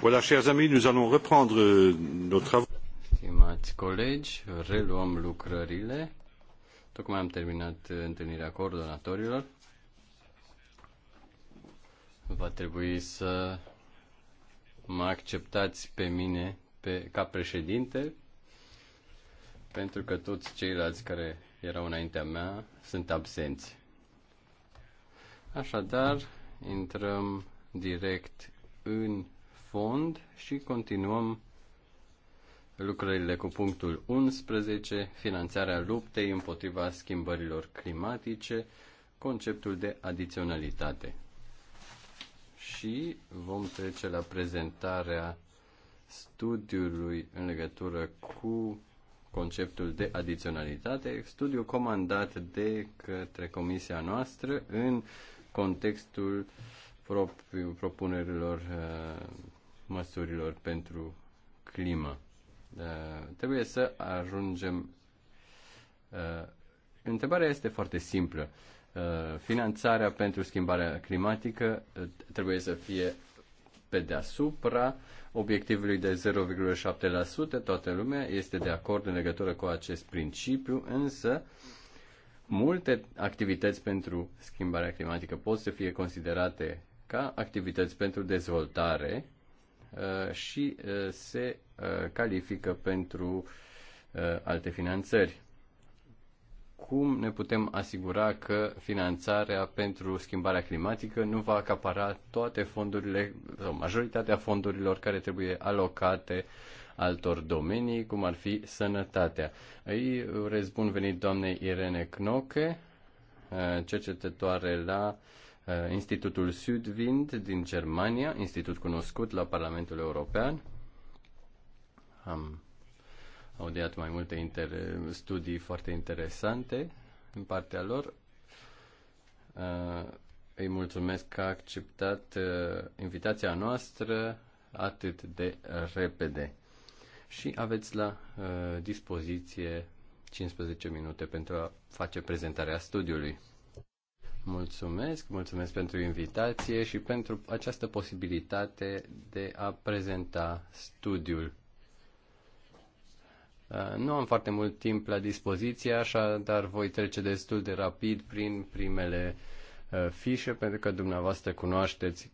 Voilà, chers amis, nous allons reprendre euh, nos travaux. Stimați colegi, reluăm lucrările. Tocmai am terminat uh, întâlnirea coordonatorilor. Va trebui să mă acceptați pe mine pe, ca președinte, pentru că toți ceilalți care erau înaintea mea sunt absenți. Așadar, intrăm direct în fond și continuăm lucrările cu punctul 11, finanțarea luptei împotriva schimbărilor climatice, conceptul de adiționalitate. Și vom trece la prezentarea studiului în legătură cu conceptul de adiționalitate, studiu comandat de către comisia noastră în contextul propriu, propunerilor uh, măsurilor pentru climă. Da, trebuie să ajungem. Da, întrebarea este foarte simplă. Da, finanțarea pentru schimbarea climatică trebuie să fie pe deasupra obiectivului de 0,7%. Toată lumea este de acord în legătură cu acest principiu, însă multe activități pentru schimbarea climatică pot să fie considerate ca activități pentru dezvoltare Uh, și uh, se uh, califică pentru alte finanțări. Cum ne putem asigura că finanțarea pentru schimbarea climatică nu va acapara toate fondurile sau majoritatea fondurilor care trebuie alocate altor domenii, cum ar fi sănătatea. Îi urez bun venit doamnei Irene Knoche, cercetătoare la uh, Uh, Institutul Südwind din Germania, institut cunoscut la Parlamentul European. Am audiat mai multe inter- studii foarte interesante în partea lor. Uh, îi mulțumesc că a acceptat uh, invitația noastră atât de repede. Și aveți la dispoziție 15 minute pentru a face prezentarea studiului. Mulțumesc, mulțumesc pentru invitație și pentru această posibilitate de a prezenta studiul. Uh, nu am foarte mult timp la dispoziție, așa, dar voi trece destul de rapid prin primele uh, fișe, pentru că dumneavoastră cunoașteți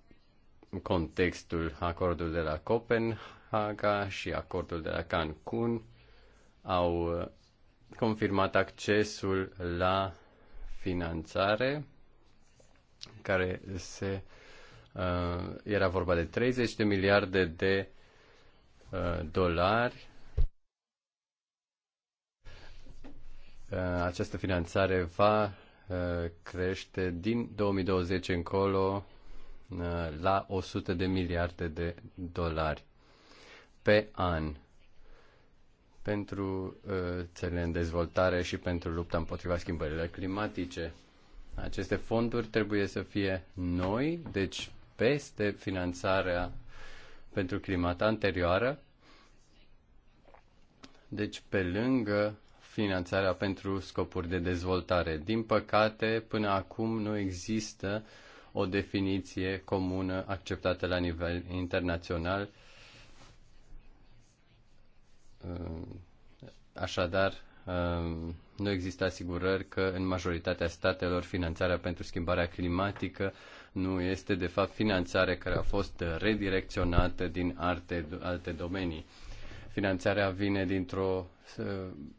contextul acordul de la Copenhaga și acordul de la Cancun au uh, confirmat accesul la finanțare care se uh, era vorba de 30 de miliarde de uh, dolari. Uh, această finanțare va uh, crește din 2020 încolo uh, la 100 de miliarde de dolari pe an pentru uh, țările în dezvoltare și pentru lupta împotriva schimbărilor climatice. Aceste fonduri trebuie să fie noi, deci peste finanțarea pentru climat anterioară, deci pe lângă finanțarea pentru scopuri de dezvoltare. Din păcate, până acum nu există o definiție comună acceptată la nivel internațional. Așadar, Ehm, nu există asigurări că în majoritatea statelor finanțarea pentru schimbarea climatică nu este de fapt finanțare care a fost redirecționată din alte, alte domenii. Finanțarea vine dintr-o ehm,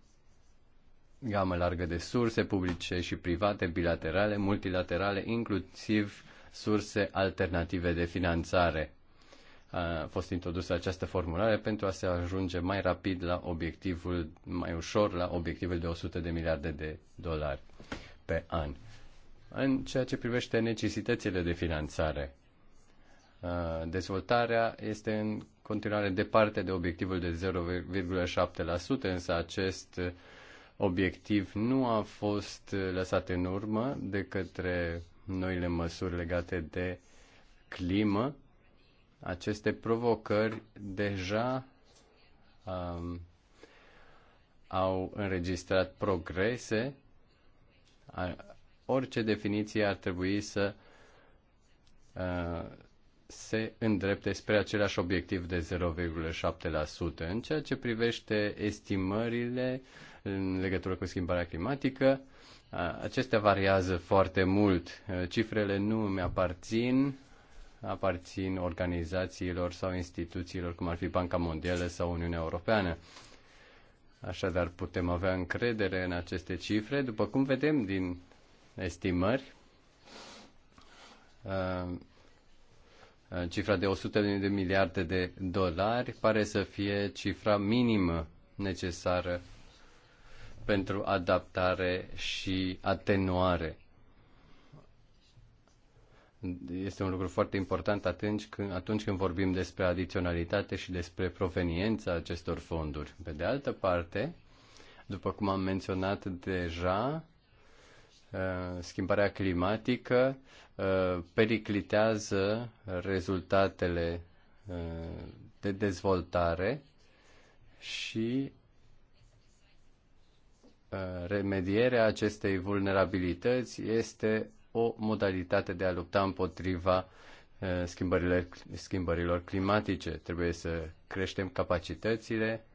gamă largă de surse publice și private, bilaterale, multilaterale, inclusiv surse alternative de finanțare a fost introdusă această formulare pentru a se ajunge mai rapid la obiectivul, mai ușor la obiectivul de 100 de miliarde de dolari pe an. În ceea ce privește necesitățile de finanțare, dezvoltarea este în continuare departe de obiectivul de 0,7%, însă acest obiectiv nu a fost lăsat în urmă de către noile măsuri legate de climă, aceste provocări deja um, au înregistrat progrese, ar, orice definiție ar trebui să uh, se îndrepte spre același obiectiv de 0,7%. În ceea ce privește estimările în legătură cu schimbarea climatică, uh, acestea variază foarte mult. Uh, cifrele nu mi aparțin, aparțin organizațiilor sau instituțiilor, cum ar fi Banca Mondială sau Uniunea Europeană. Așadar, putem avea încredere în aceste cifre, după cum vedem din estimări. Uh, cifra de 100 de miliarde de dolari pare să fie cifra minimă necesară pentru adaptare și atenuare este un lucru foarte important atunci când, atunci când vorbim despre adiționalitate și despre proveniența acestor fonduri. Pe de altă parte, după cum am menționat deja, uh, schimbarea climatică uh, periclitează rezultatele uh, de dezvoltare și remedierea acestei vulnerabilități este o modalitate de a lupta împotriva eh, schimbărilor, schimbărilor climatice. Trebuie să creștem capacitățile,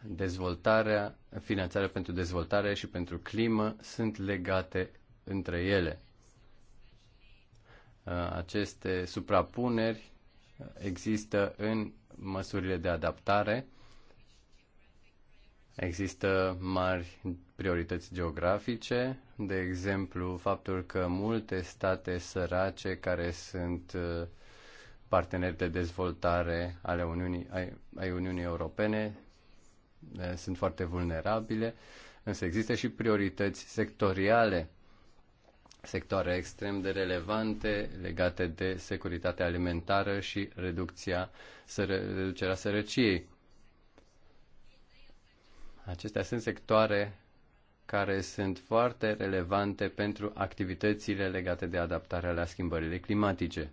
dezvoltarea, finanțarea pentru dezvoltare și pentru climă sunt legate între ele. Eh, aceste suprapuneri există în măsurile de adaptare. Există mari priorități geografice, de exemplu faptul că multe state sărace care sunt uh, parteneri de dezvoltare ale Uniunii, ai, ai Uniunii Europene uh, sunt foarte vulnerabile, însă există și priorități sectoriale, sectoare extrem de relevante legate de securitatea alimentară și reducția, reducerea sărăciei. Acestea sunt sectoare care sunt foarte relevante pentru activitățile legate de adaptarea la schimbările climatice.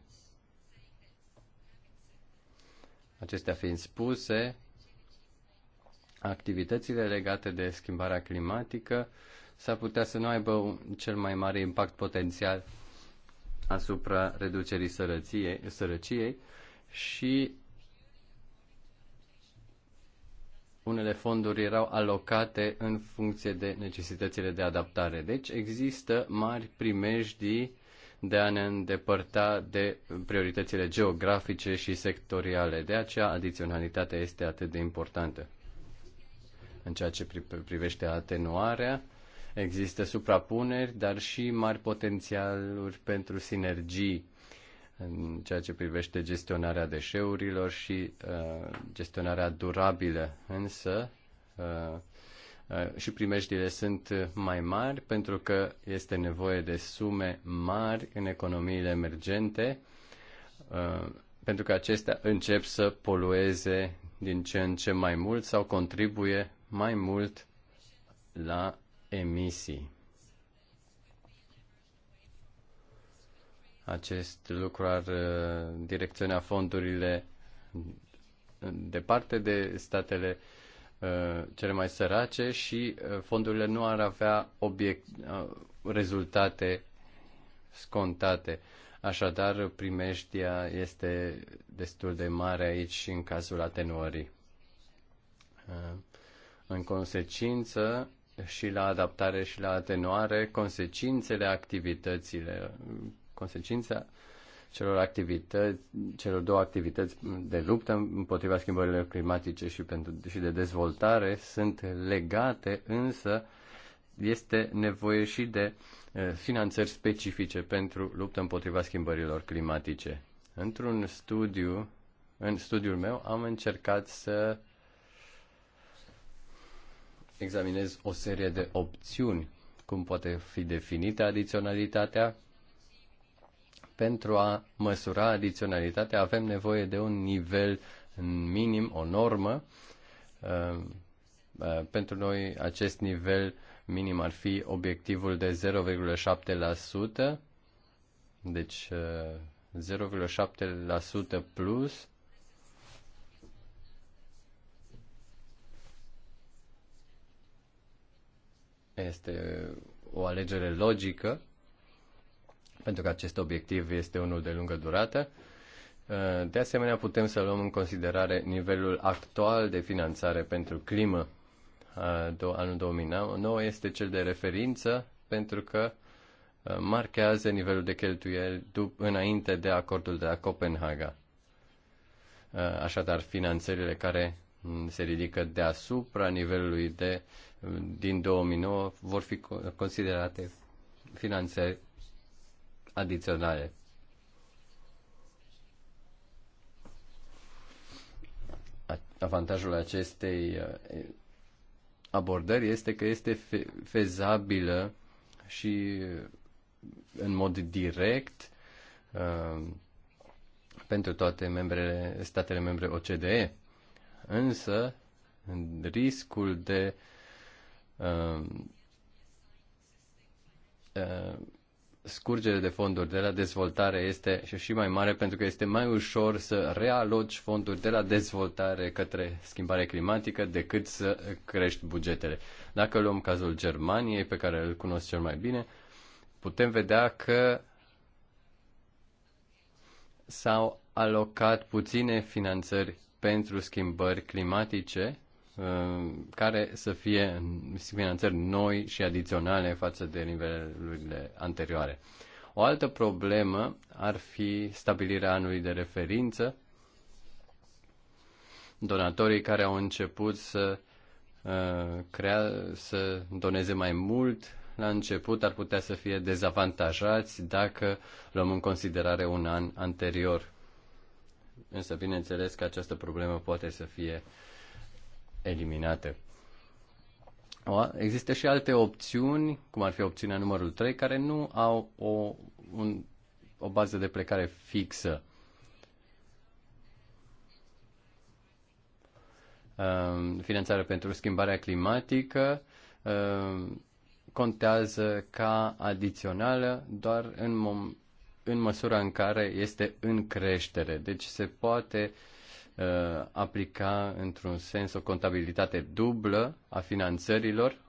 Acestea fiind spuse, activitățile legate de schimbarea climatică s-ar putea să nu aibă un cel mai mare impact potențial asupra reducerii sărăciei, sărăciei și unele fonduri erau alocate în funcție de necesitățile de adaptare. Deci există mari primejdii de a ne îndepărta de prioritățile geografice și sectoriale. De aceea adiționalitatea este atât de importantă. În ceea ce pri- privește atenuarea, există suprapuneri, dar și mari potențialuri pentru sinergii în ceea ce privește gestionarea deșeurilor și uh, gestionarea durabilă, însă uh, uh, și primejdile sunt mai mari pentru că este nevoie de sume mari în economiile emergente, uh, pentru că acestea încep să polueze din ce în ce mai mult sau contribuie mai mult la emisii. Acest lucru ar uh, direcționa fondurile departe de statele uh, cele mai sărace și uh, fondurile nu ar avea obiect, rezultate scontate. Așadar, primeștia este destul de mare aici și în cazul atenuării. În consecință, și la adaptare și la atenuare, consecințele activităților Consecința celor, activități, celor două activități de luptă împotriva schimbărilor climatice și, pentru, și de dezvoltare sunt legate, însă este nevoie și de eh, finanțări specifice pentru luptă împotriva schimbărilor climatice. Într-un studiu, în studiul meu, am încercat să examinez o serie de opțiuni, cum poate fi definită adiționalitatea, pentru a măsura adiționalitatea avem nevoie de un nivel minim, o normă. Uh, uh, pentru noi acest nivel minim ar fi obiectivul de 0,7%, deci 0,7% uh, plus este o alegere logică pentru că acest obiectiv este unul de lungă durată. Uh, de asemenea, putem să luăm în considerare nivelul actual de finanțare pentru climă. Uh, anul 2009 este cel de referință pentru că uh, marchează nivelul de cheltuieli înainte de acordul de la Copenhaga. Așadar, finanțările care mm, se ridică deasupra nivelului de din 2009 vor fi considerate finanțări adiționale. Avantajul acestei uh, abordări este că este fezabilă și uh, în mod direct uh, pentru toate membrele, statele membre OCDE. Însă, riscul de scurgere de fonduri de la dezvoltare este și mai mare pentru că este mai ușor să realoci fonduri de la dezvoltare către schimbare climatică decât să crești bugetele. Dacă luăm cazul Germaniei, pe care îl cunosc cel mai bine, putem vedea că s-au alocat puține finanțări pentru schimbări climatice Uh, care să fie finanțări noi și adiționale față de nivelurile anterioare. O altă problemă ar fi stabilirea anului de referință. Donatorii care au început să uh, crea, să doneze mai mult la început ar putea să fie dezavantajați dacă luăm în considerare un an anterior. Însă, bineînțeles că această problemă poate să fie uh, eliminate. Există și alte opțiuni, cum ar fi opțiunea numărul 3, care nu au o, un, o bază de plecare fixă. Ehm, finanțarea pentru schimbarea climatică ehm, contează ca adițională doar în, mom- în măsura în care este în creștere. Deci se poate uh, Uh, aplica într-un sens o contabilitate dublă a finanțărilor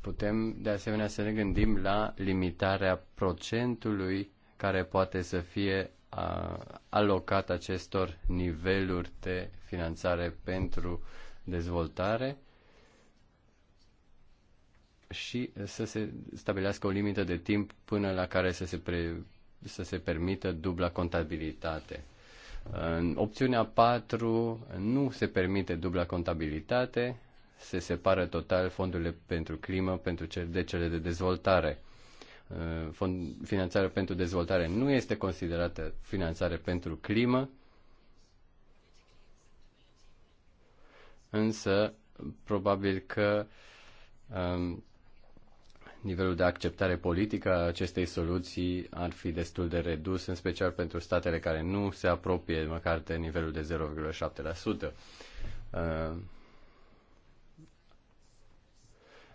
Putem, de asemenea, să ne gândim la limitarea procentului care poate să fie alocat acestor niveluri de finanțare pentru dezvoltare și să se stabilească o limită de timp până la care să se, pre, să se permită dubla contabilitate. În opțiunea 4 nu se permite dubla contabilitate, se separă total fondurile pentru climă pentru cel de cele de dezvoltare. Uh, fond, finanțare pentru dezvoltare nu este considerată finanțare pentru climă, însă probabil că um, nivelul de acceptare politică a acestei soluții ar fi destul de redus, în special pentru statele care nu se apropie măcar de nivelul de 0,7%. Uh,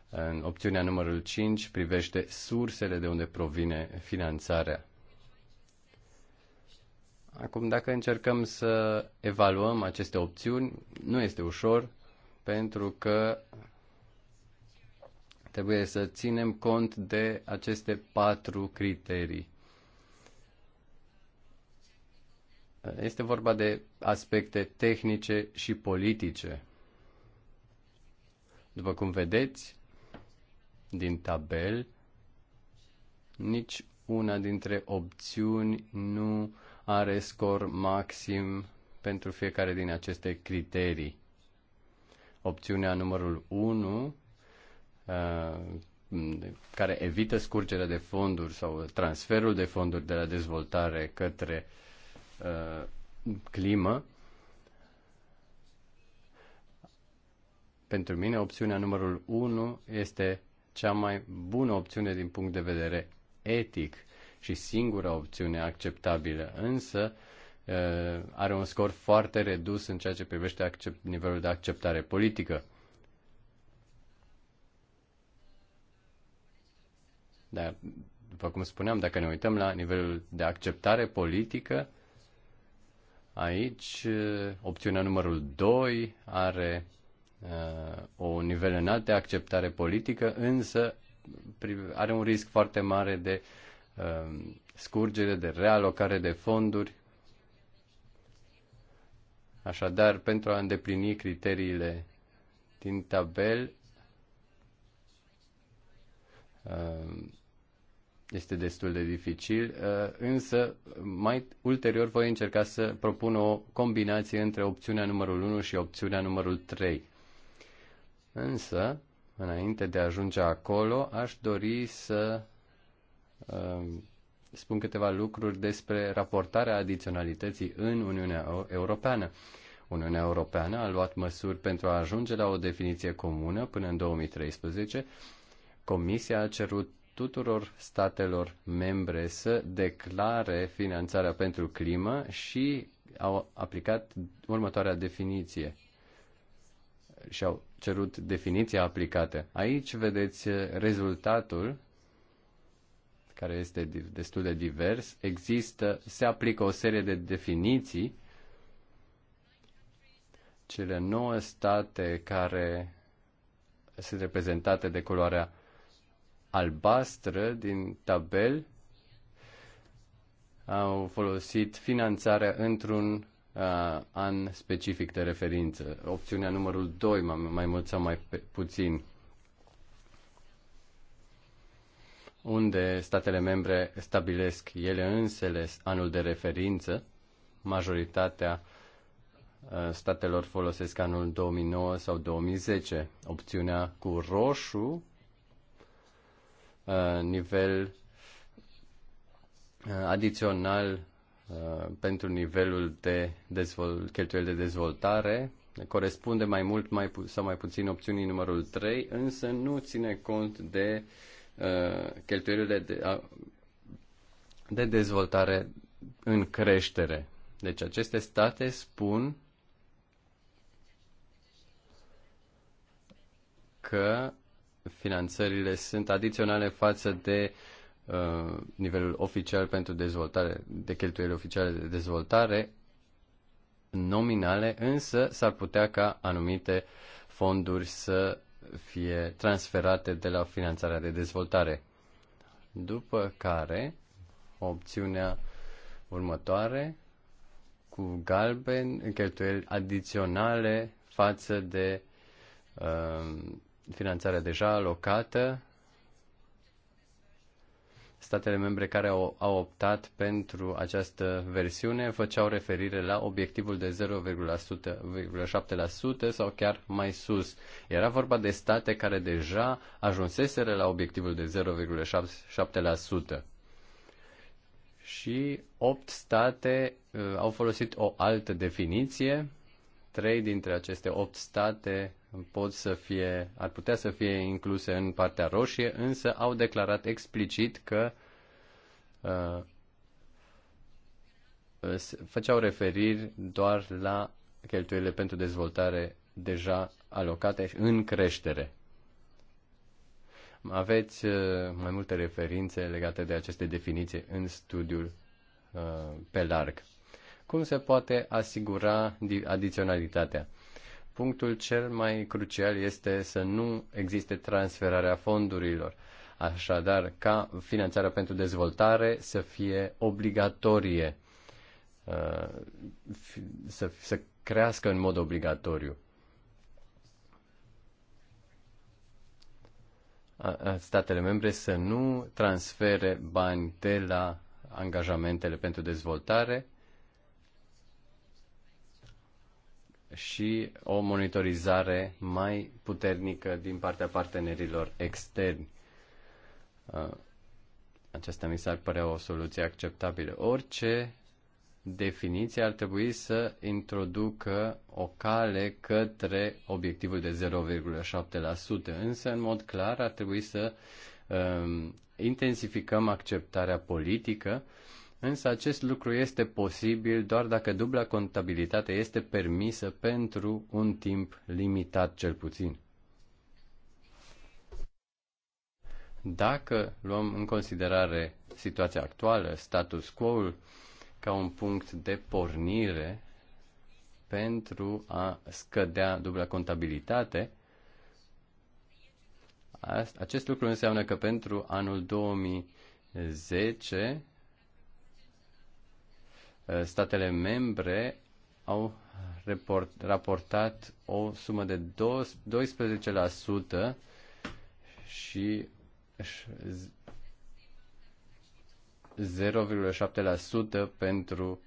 în opțiunea numărul 5 privește sursele de unde provine finanțarea. Acum, dacă încercăm să evaluăm aceste opțiuni, nu este ușor, pentru că trebuie să ținem cont de aceste patru criterii. Este vorba de aspecte tehnice și politice. După cum vedeți, din tabel, nici una dintre opțiuni nu are scor maxim pentru fiecare din aceste criterii. Opțiunea numărul 1, uh, care evită scurgerea de fonduri sau transferul de fonduri de la dezvoltare către uh, climă, pentru mine opțiunea numărul 1 este cea mai bună opțiune din punct de vedere etic și singura opțiune acceptabilă, însă are un scor foarte redus în ceea ce privește accept, nivelul de acceptare politică. Dar, după cum spuneam, dacă ne uităm la nivelul de acceptare politică, aici opțiunea numărul 2 are uh, o nivel înalt de acceptare politică, însă are un risc foarte mare de uh, scurgere, de realocare de fonduri. Așadar, pentru a îndeplini criteriile din tabel, uh, este destul de dificil, uh, însă mai ulterior voi încerca să propun o combinație între opțiunea numărul 1 și opțiunea numărul 3. Însă, înainte de a ajunge acolo, aș dori să um, spun câteva lucruri despre raportarea adiționalității în Uniunea Europeană. Uniunea Europeană a luat măsuri pentru a ajunge la o definiție comună până în 2013. Comisia a cerut tuturor statelor membre să declare finanțarea pentru climă și au aplicat următoarea definiție și au cerut definiția aplicată. Aici vedeți rezultatul care este destul de divers. Există, se aplică o serie de definiții. Cele nouă state care sunt reprezentate de culoarea albastră din tabel au folosit finanțarea într-un uh, an specific de referință. Opțiunea numărul 2, mai, mai mult sau mai pe, puțin, unde statele membre stabilesc ele însele anul de referință. Majoritatea uh, statelor folosesc anul 2009 sau 2010. Opțiunea cu roșu, uh, nivel uh, adițional Uh, pentru nivelul de dezvol- cheltuieli de dezvoltare corespunde mai mult mai pu- sau mai puțin opțiunii numărul 3, însă nu ține cont de uh, cheltuielile de, de dezvoltare în creștere. Deci aceste state spun că finanțările sunt adiționale față de uh, Uh, nivelul oficial pentru dezvoltare, de cheltuieli oficiale de dezvoltare nominale, însă s-ar putea ca anumite fonduri să fie transferate de la finanțarea de dezvoltare. După care, opțiunea următoare, cu galben, cheltuieli adiționale față de uh, finanțarea deja alocată, statele membre care au, au optat pentru această versiune făceau referire la obiectivul de 0,7% sau chiar mai sus. Era vorba de state care deja ajunseseră la obiectivul de 0,7%. Și 8 state uh, au folosit o altă definiție trei dintre aceste opt state pot să fie, ar putea să fie incluse în partea roșie, însă au declarat explicit că uh, făceau referiri doar la cheltuielile pentru dezvoltare deja alocate în creștere. Aveți uh, mai multe referințe legate de aceste definiții în studiul uh, pe larg cum se poate asigura adiționalitatea. Punctul cel mai crucial este să nu existe transferarea fondurilor. Așadar, ca finanțarea pentru dezvoltare să fie obligatorie, uh, să, să crească în mod obligatoriu. Statele membre să nu transfere bani de la angajamentele pentru dezvoltare și o monitorizare mai puternică din partea partenerilor externi. Uh, aceasta mi s-ar părea o soluție acceptabilă. Orice definiție ar trebui să introducă o cale către obiectivul de 0,7%, însă în mod clar ar trebui să um, intensificăm acceptarea politică uh, Însă acest lucru este posibil doar dacă dubla contabilitate este permisă pentru un timp limitat cel puțin. Dacă luăm în considerare situația actuală, status quo-ul, ca un punct de pornire pentru a scădea dubla contabilitate, acest lucru înseamnă că pentru anul 2010 Eh, statele membre au raportat o sumă de 12% și 0,7% pentru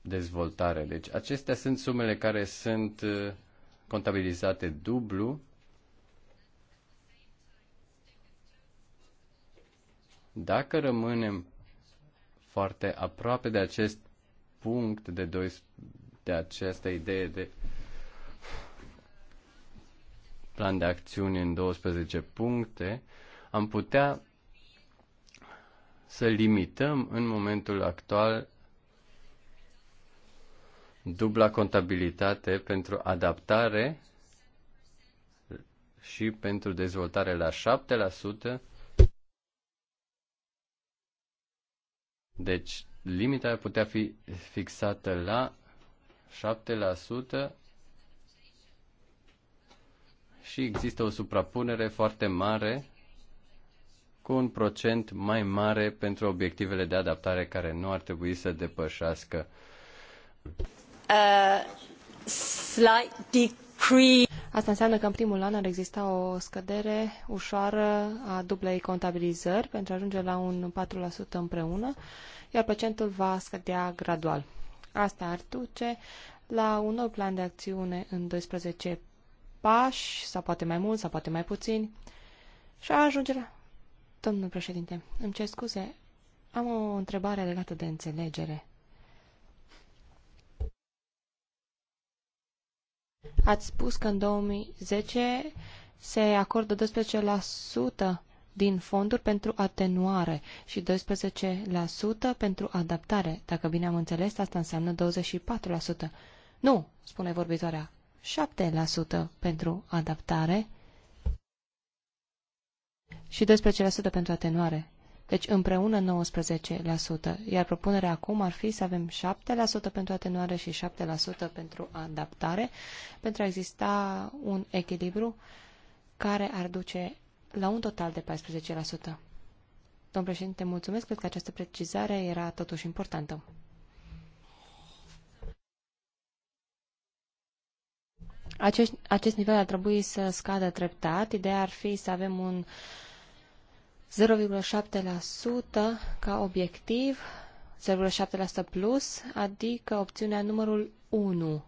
dezvoltare. Deci acestea sunt sumele care sunt eh, contabilizate dublu. Dacă rămânem foarte aproape de acest punct, de, doi, de această idee de plan de acțiune în 12 puncte, am putea să limităm în momentul actual dubla contabilitate pentru adaptare și pentru dezvoltare la Deci, limita ar putea fi fixată la 7% și există o suprapunere foarte mare cu un procent mai mare pentru obiectivele de adaptare care nu ar trebui să depășească. Uh, slight decrease. Asta înseamnă că în primul an ar exista o scădere ușoară a dublei contabilizări pentru a ajunge la un 4% împreună, iar procentul va scădea gradual. Asta ar duce la un nou plan de acțiune în 12 pași, sau poate mai mult, sau poate mai puțin, și a ajunge la... Domnul președinte, îmi cer scuze, am o întrebare legată de înțelegere. Ați spus că în 2010 se acordă 12% din fonduri pentru atenuare și 12% pentru adaptare. Dacă bine am înțeles, asta înseamnă 24%. Nu, spune vorbitoarea, 7% pentru adaptare și 12% pentru atenuare. Deci împreună 19%, iar propunerea acum ar fi să avem 7% pentru atenuare și 7% pentru adaptare, pentru a exista un echilibru care ar duce la un total de 14%. Domn președinte, mulțumesc, cred că această precizare era totuși importantă. Acest, acest nivel ar trebui să scadă treptat. Ideea ar fi să avem un uh, 0,7% ca obiectiv, 0,7% plus, adică opțiunea numărul 1.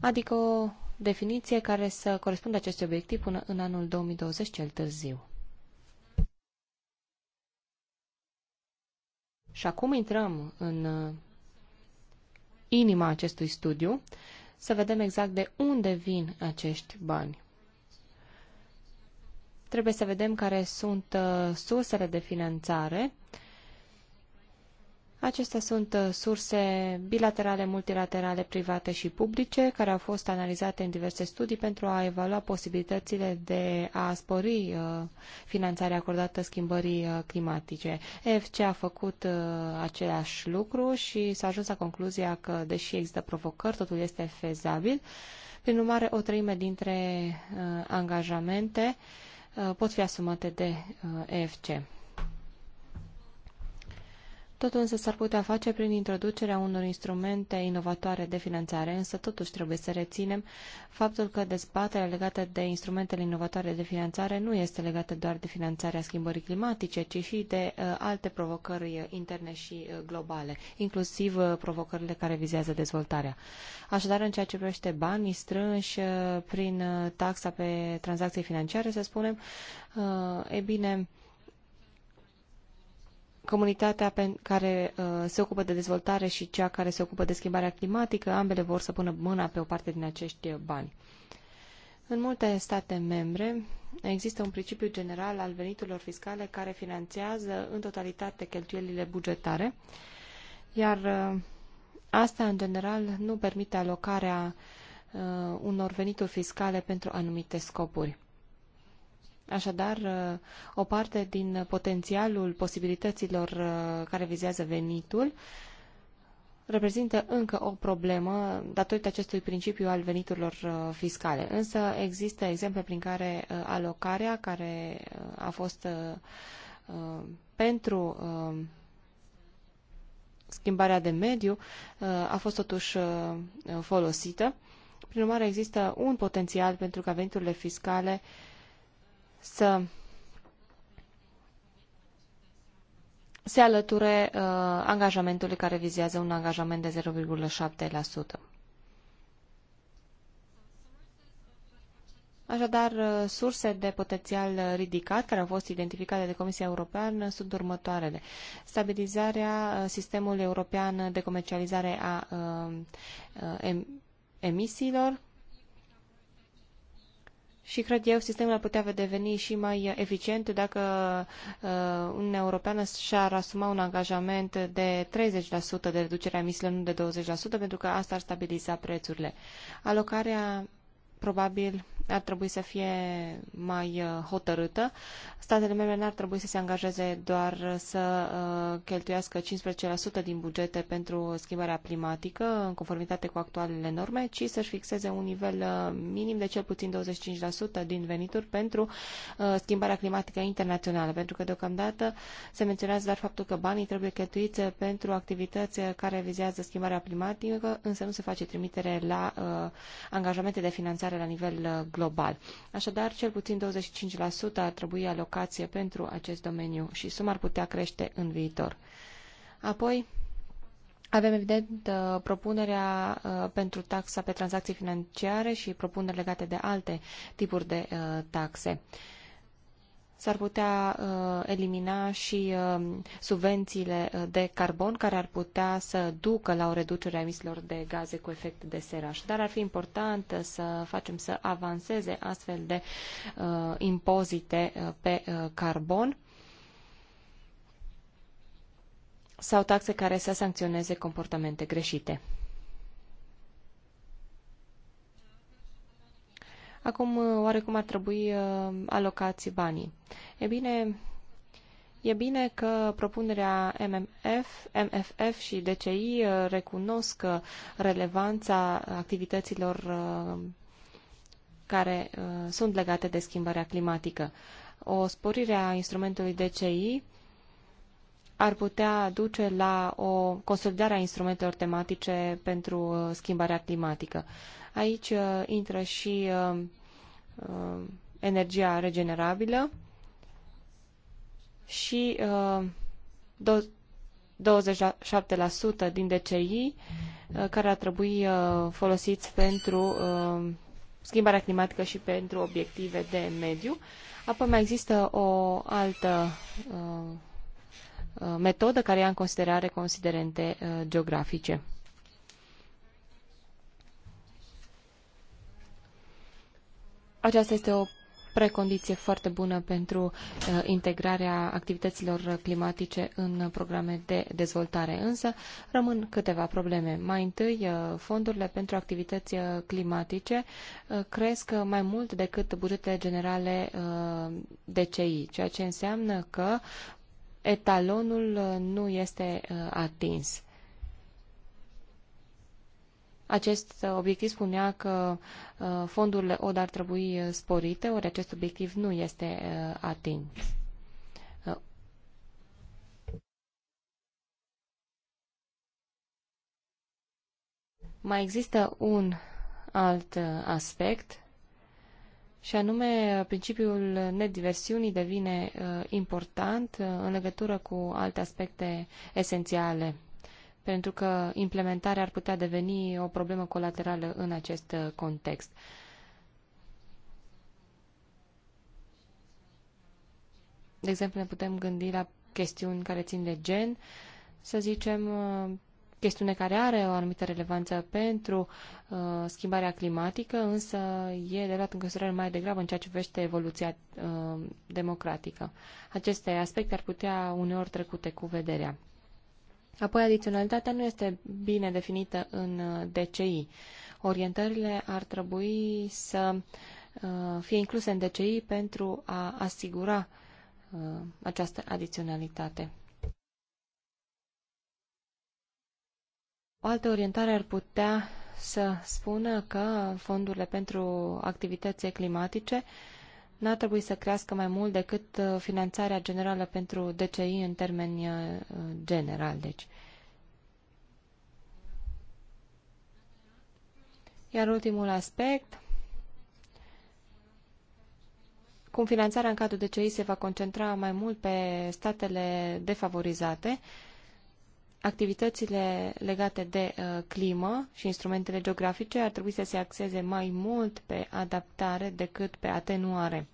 Adică o definiție care să corespundă acestui obiectiv până în anul 2020 cel târziu. Și acum intrăm în uh, inima acestui studiu, să vedem exact de unde vin acești bani. Trebuie să vedem care sunt uh, sursele de finanțare. Acestea sunt uh, surse bilaterale, multilaterale, private și publice, care au fost analizate în diverse studii pentru a evalua posibilitățile de a spori uh, finanțarea acordată schimbării climatice. EFC a făcut același lucru și s-a ajuns la concluzia că, deși există provocări, totul este fezabil. Prin urmare, o treime dintre angajamente Uh, pot fi asumate de uh, EFC. Totul însă s-ar putea face prin introducerea unor instrumente inovatoare de finanțare, însă totuși trebuie să reținem faptul că dezbaterea legată de instrumentele inovatoare de finanțare nu este legată doar de finanțarea schimbării climatice, ci și de uh, alte provocări interne și uh, globale, inclusiv uh, provocările care vizează dezvoltarea. Așadar, în ceea ce privește banii strânși uh, prin uh, taxa pe tranzacții financiare, să spunem, uh, e bine, uh, comunitatea care uh, se ocupă de dezvoltare și cea care se ocupă de schimbarea climatică, ambele vor să pună mâna pe o parte din acești bani. În multe state membre există un principiu general al veniturilor fiscale care finanțează în totalitate cheltuielile bugetare, iar uh, asta în general nu permite alocarea uh, unor venituri fiscale pentru anumite scopuri. Așadar, uh, o parte din potențialul posibilităților uh, care vizează venitul reprezintă încă o problemă datorită acestui principiu al veniturilor uh, fiscale. Însă există exemple prin care alocarea care a fost pentru schimbarea de mediu a fost totuși folosită. Prin urmare, există un potențial pentru ca veniturile fiscale uh, să se alăture uh, angajamentului care vizează un angajament de 0,7%. Așadar, uh, surse de potențial ridicat care au fost identificate de Comisia Europeană sunt următoarele. Stabilizarea uh, sistemului european de comercializare a uh, emisiilor, și cred eu, sistemul ar putea deveni și mai eficient dacă uh, Uniunea Europeană și-ar asuma un angajament de 30% de reducere a emisiilor, nu de 20%, pentru că asta ar stabiliza prețurile. Alocarea probabil ar trebui să fie mai uh, hotărâtă. Statele membre n-ar trebui să se angajeze doar să uh, cheltuiască 15% din bugete pentru schimbarea climatică, în conformitate cu actualele norme, ci să-și fixeze un nivel uh, minim de cel puțin 25% din venituri pentru schimbarea climatică internațională, pentru că deocamdată se menționează doar faptul că banii trebuie cheltuiți pentru activități care vizează schimbarea climatică, însă nu se face trimitere la angajamente de finanțare finanțare la nivel uh, global. Așadar, cel puțin 25% ar trebui alocație pentru acest domeniu și suma ar putea crește în viitor. Apoi, avem, evident, uh, propunerea uh, pentru taxa pe tranzacții financiare și propuneri legate de alte tipuri de taxe s-ar putea uh, elimina și uh, subvențiile uh, de carbon care ar putea să ducă la o reducere a emisiilor de gaze cu efect de seră. Dar ar fi important să facem să avanseze astfel de impozite pe carbon sau taxe care să sancționeze comportamente greșite. Acum, uh, oare cum ar trebui uh, alocați banii? E bine, e bine că propunerea MMF, MFF și DCI uh, recunosc relevanța activităților care sunt legate de schimbarea climatică. O sporire a instrumentului DCI ar putea duce la o consolidare a instrumentelor tematice pentru schimbarea climatică. Aici uh, intră și uh, uh, energia regenerabilă și 27% din DCI care ar trebui folosiți pentru schimbarea climatică și pentru obiective de mediu. Apoi mai există o altă metodă care ia în considerare considerente geografice. Aceasta este o precondiție foarte bună pentru uh, integrarea activităților climatice în programe de dezvoltare. Însă rămân câteva probleme. Mai întâi, uh, fondurile pentru activități uh, climatice cresc mai mult decât bugetele generale DCI, ceea ce înseamnă că etalonul nu este atins. Acest obiectiv spunea că uh, fondurile OD ar trebui uh, sporite, ori acest obiectiv nu este uh, atins. Mai există un alt aspect și anume principiul nediversiunii devine important în legătură cu alte aspecte esențiale pentru că implementarea ar putea deveni o problemă colaterală în acest uh, context. De exemplu, ne putem gândi la chestiuni care țin de gen, să zicem, uh, chestiune care are o anumită relevanță pentru uh, schimbarea climatică, însă e de luat în considerare mai degrabă în ceea ce privește evoluția uh, democratică. Aceste aspecte ar putea uneori trecute cu vederea. Apoi, adiționalitatea nu este bine definită în uh, DCI. Orientările ar trebui să uh, fie incluse în DCI pentru a asigura uh, această adiționalitate. O altă orientare ar putea să spună că fondurile pentru activități climatice uh, n-ar trebui să crească mai mult decât uh, finanțarea generală pentru DCI în termeni uh, general. Deci. Iar ultimul aspect, cum finanțarea în cadrul DCI se va concentra mai mult pe statele defavorizate, uh, activitățile legate de uh, climă și instrumentele geografice ar trebui să se axeze mai mult pe adaptare decât pe atenuare.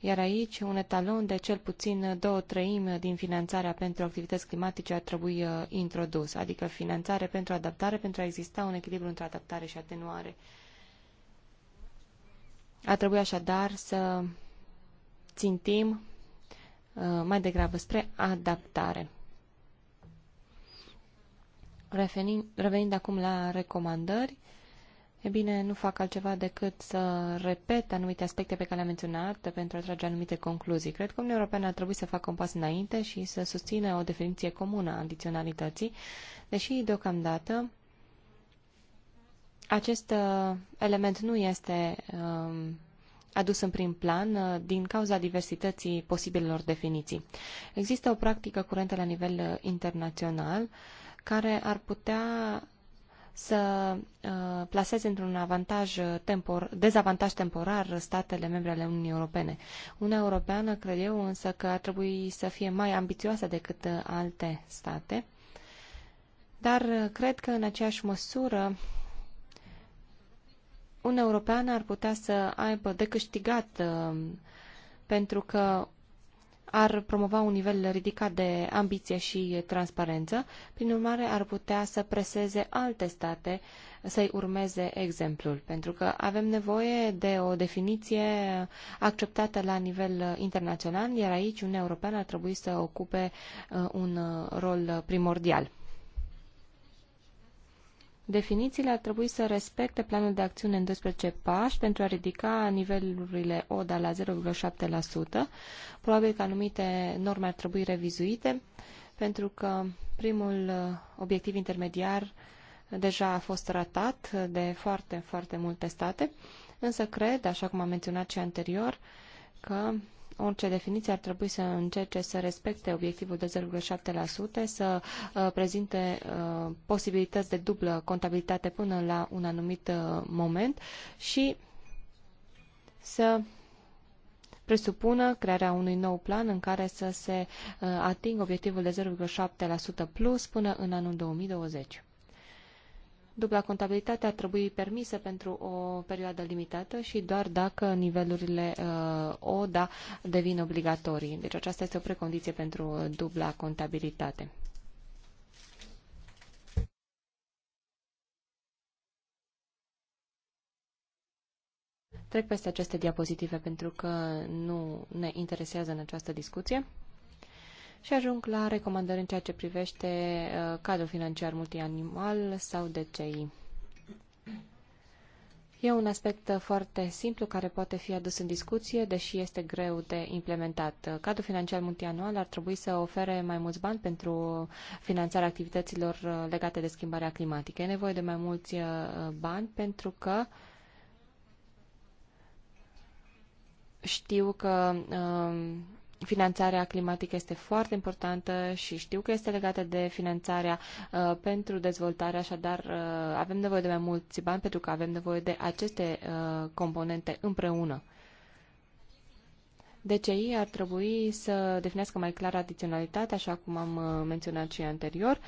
Iar aici, un etalon de cel puțin două treimi din finanțarea pentru activități climatice ar trebui uh, introdus, adică finanțare pentru adaptare, pentru a exista un echilibru între adaptare și atenuare. Ar trebui așadar să țintim uh, mai degrabă spre adaptare. Revenind, revenind acum la recomandări, e bine, nu fac altceva decât să repet anumite aspecte pe care le-am menționat pentru a trage anumite concluzii. Cred că Uniunea Europeană ar trebui să facă un pas înainte și să susțină o definiție comună a adiționalității, deși deocamdată acest uh, element nu este um, adus în prim plan uh, din cauza diversității posibilelor definiții. Există o practică curentă la nivel uh, internațional uh, care ar putea să uh, plaseze într-un avantaj tempor, dezavantaj temporar statele membre ale Uniunii Europene. Uniunea Europeană, cred eu, însă că ar trebui să fie mai ambițioasă decât alte state, dar cred că în aceeași măsură Uniunea Europeană ar putea să aibă de câștigat uh, pentru că ar promova un nivel ridicat de ambiție și transparență, prin urmare ar putea să preseze alte state să-i urmeze exemplul, pentru că avem nevoie de o definiție acceptată la nivel internațional, iar aici Uniunea Europeană ar trebui să ocupe uh, un uh, rol primordial. Definițiile ar trebui să respecte planul de acțiune în 12 pași pentru a ridica nivelurile ODA la 0,7%. Probabil că anumite norme ar trebui revizuite, pentru că primul uh, obiectiv intermediar deja a fost ratat de foarte, foarte multe state, însă cred, așa cum am menționat și anterior, că orice definiție ar trebui să încerce să respecte obiectivul de 0,7%, să uh, prezinte uh, posibilități de dublă contabilitate până la un anumit uh, moment și să presupună crearea unui nou plan în care să se atingă obiectivul de 0,7% plus până în anul 2020. Dubla contabilitate ar trebui permisă pentru o perioadă limitată și doar dacă nivelurile uh, ODA devin obligatorii. Deci aceasta este o precondiție pentru dubla contabilitate. Trec peste aceste diapozitive pentru că nu ne interesează în această discuție și ajung la recomandări în ceea ce privește uh, cadrul financiar multianual sau DCI. E un aspect uh, foarte simplu care poate fi adus în discuție, deși este greu de implementat. Uh, cadrul financiar multianual ar trebui să ofere mai mulți bani pentru finanțarea activităților legate de schimbarea climatică. E nevoie de mai mulți bani pentru că știu că um, Finanțarea climatică este foarte importantă și știu că este legată de finanțarea uh, pentru dezvoltare, așadar uh, avem nevoie de mai mulți bani pentru că avem nevoie de aceste uh, componente împreună. DCI ar trebui să definească mai clar adiționalitatea, așa cum am uh, menționat și anterior.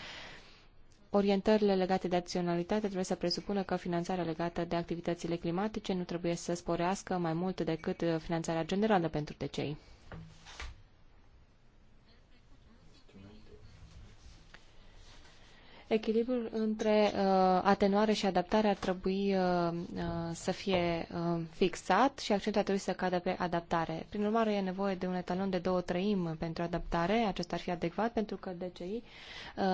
Orientările legate de adiționalitate trebuie să presupună că finanțarea legată de activitățile climatice nu trebuie să sporească mai mult decât uh, finanțarea generală pentru DCI. Echilibrul între uh, atenuare și adaptare ar trebui uh, uh, să fie uh, fixat și accentul ar trebui să cadă pe adaptare. Prin urmare, e nevoie de un etalon de două treimi pentru adaptare. Acesta ar fi adecvat pentru că DCI uh,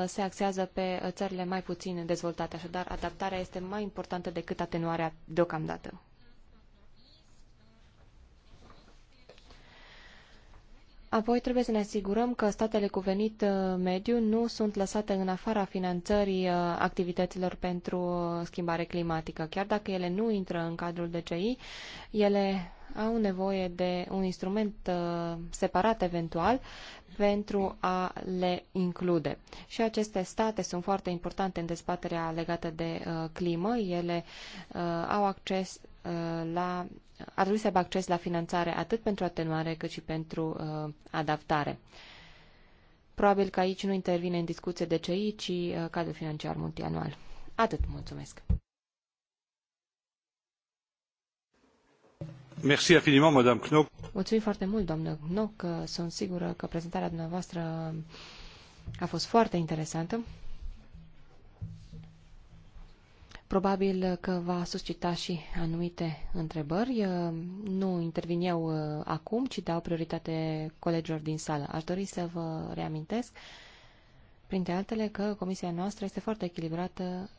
se axează pe uh, țările mai puțin dezvoltate. Așadar, adaptarea este mai importantă decât atenuarea deocamdată. Apoi trebuie să ne asigurăm că statele cu venit uh, mediu nu sunt lăsate în afara finanțării uh, activităților pentru uh, schimbare climatică. Chiar dacă ele nu intră în cadrul DCI, ele au nevoie de un instrument separat eventual pentru a le include. Și aceste state sunt foarte importante în dezbaterea legată de climă. Ele au acces la ar trebui să aibă acces la finanțare atât pentru atenuare cât și pentru uh, adaptare. Probabil că aici nu intervine în discuție de CEI, ci uh, cadrul financiar multianual. Atât, mulțumesc. Merci infiniment, Madame Knock. Mulțumim foarte mult, doamnă Knock. Sunt sigură că prezentarea dumneavoastră a fost foarte interesantă. Probabil că va suscita și anumite întrebări. Nu intervin eu uh, acum, ci dau prioritate colegilor din sală. Aș dori să vă reamintesc, printre altele, că comisia noastră este foarte echilibrată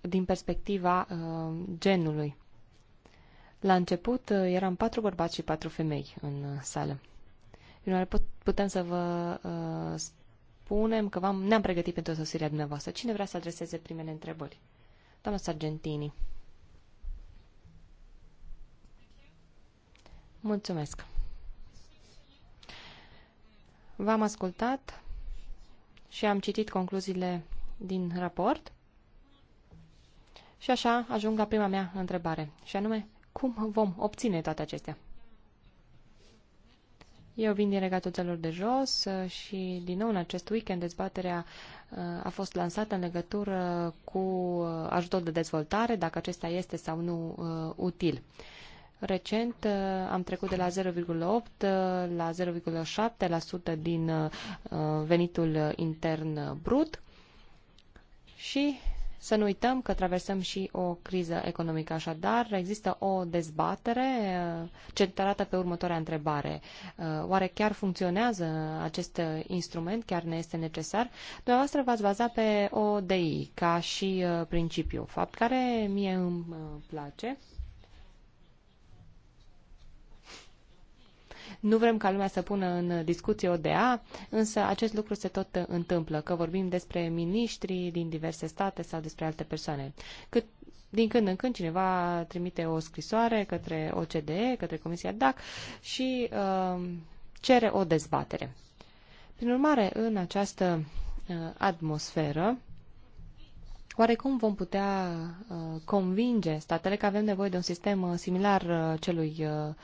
din perspectiva uh, genului. La început uh, eram patru bărbați și patru femei în sală. Prin putem să vă spunem că ne-am pregătit pentru sosirea dumneavoastră. Cine vrea să adreseze primele întrebări? Doamna Sargentini. Mulțumesc. V-am ascultat și am citit concluziile din raport. Și așa ajung la prima mea întrebare, și anume, cum vom obține toate acestea? Eu vin din regatul țelor de jos uh, și din nou în acest weekend dezbaterea uh, a fost lansată în legătură cu uh, ajutorul de dezvoltare, dacă acesta este sau nu util. Recent am trecut de la 0,8 la 0,7% din venitul intern brut și să nu uităm că traversăm și o criză economică, așadar există o dezbatere uh, centrată pe următoarea întrebare. Uh, oare chiar funcționează acest instrument, chiar ne este necesar? Dumneavoastră v-ați bazat pe ODI ca și uh, principiu, fapt care mie îmi place Nu vrem ca lumea să pună în discuție ODA, însă acest lucru se tot întâmplă, că vorbim despre miniștri din diverse state sau despre alte persoane. Cât din când în când cineva trimite o scrisoare către OCDE, către Comisia DAC și uh, cere o dezbatere. Prin urmare, în această uh, atmosferă, oarecum vom putea uh, convinge statele că avem nevoie de un sistem uh, similar uh, celui uh,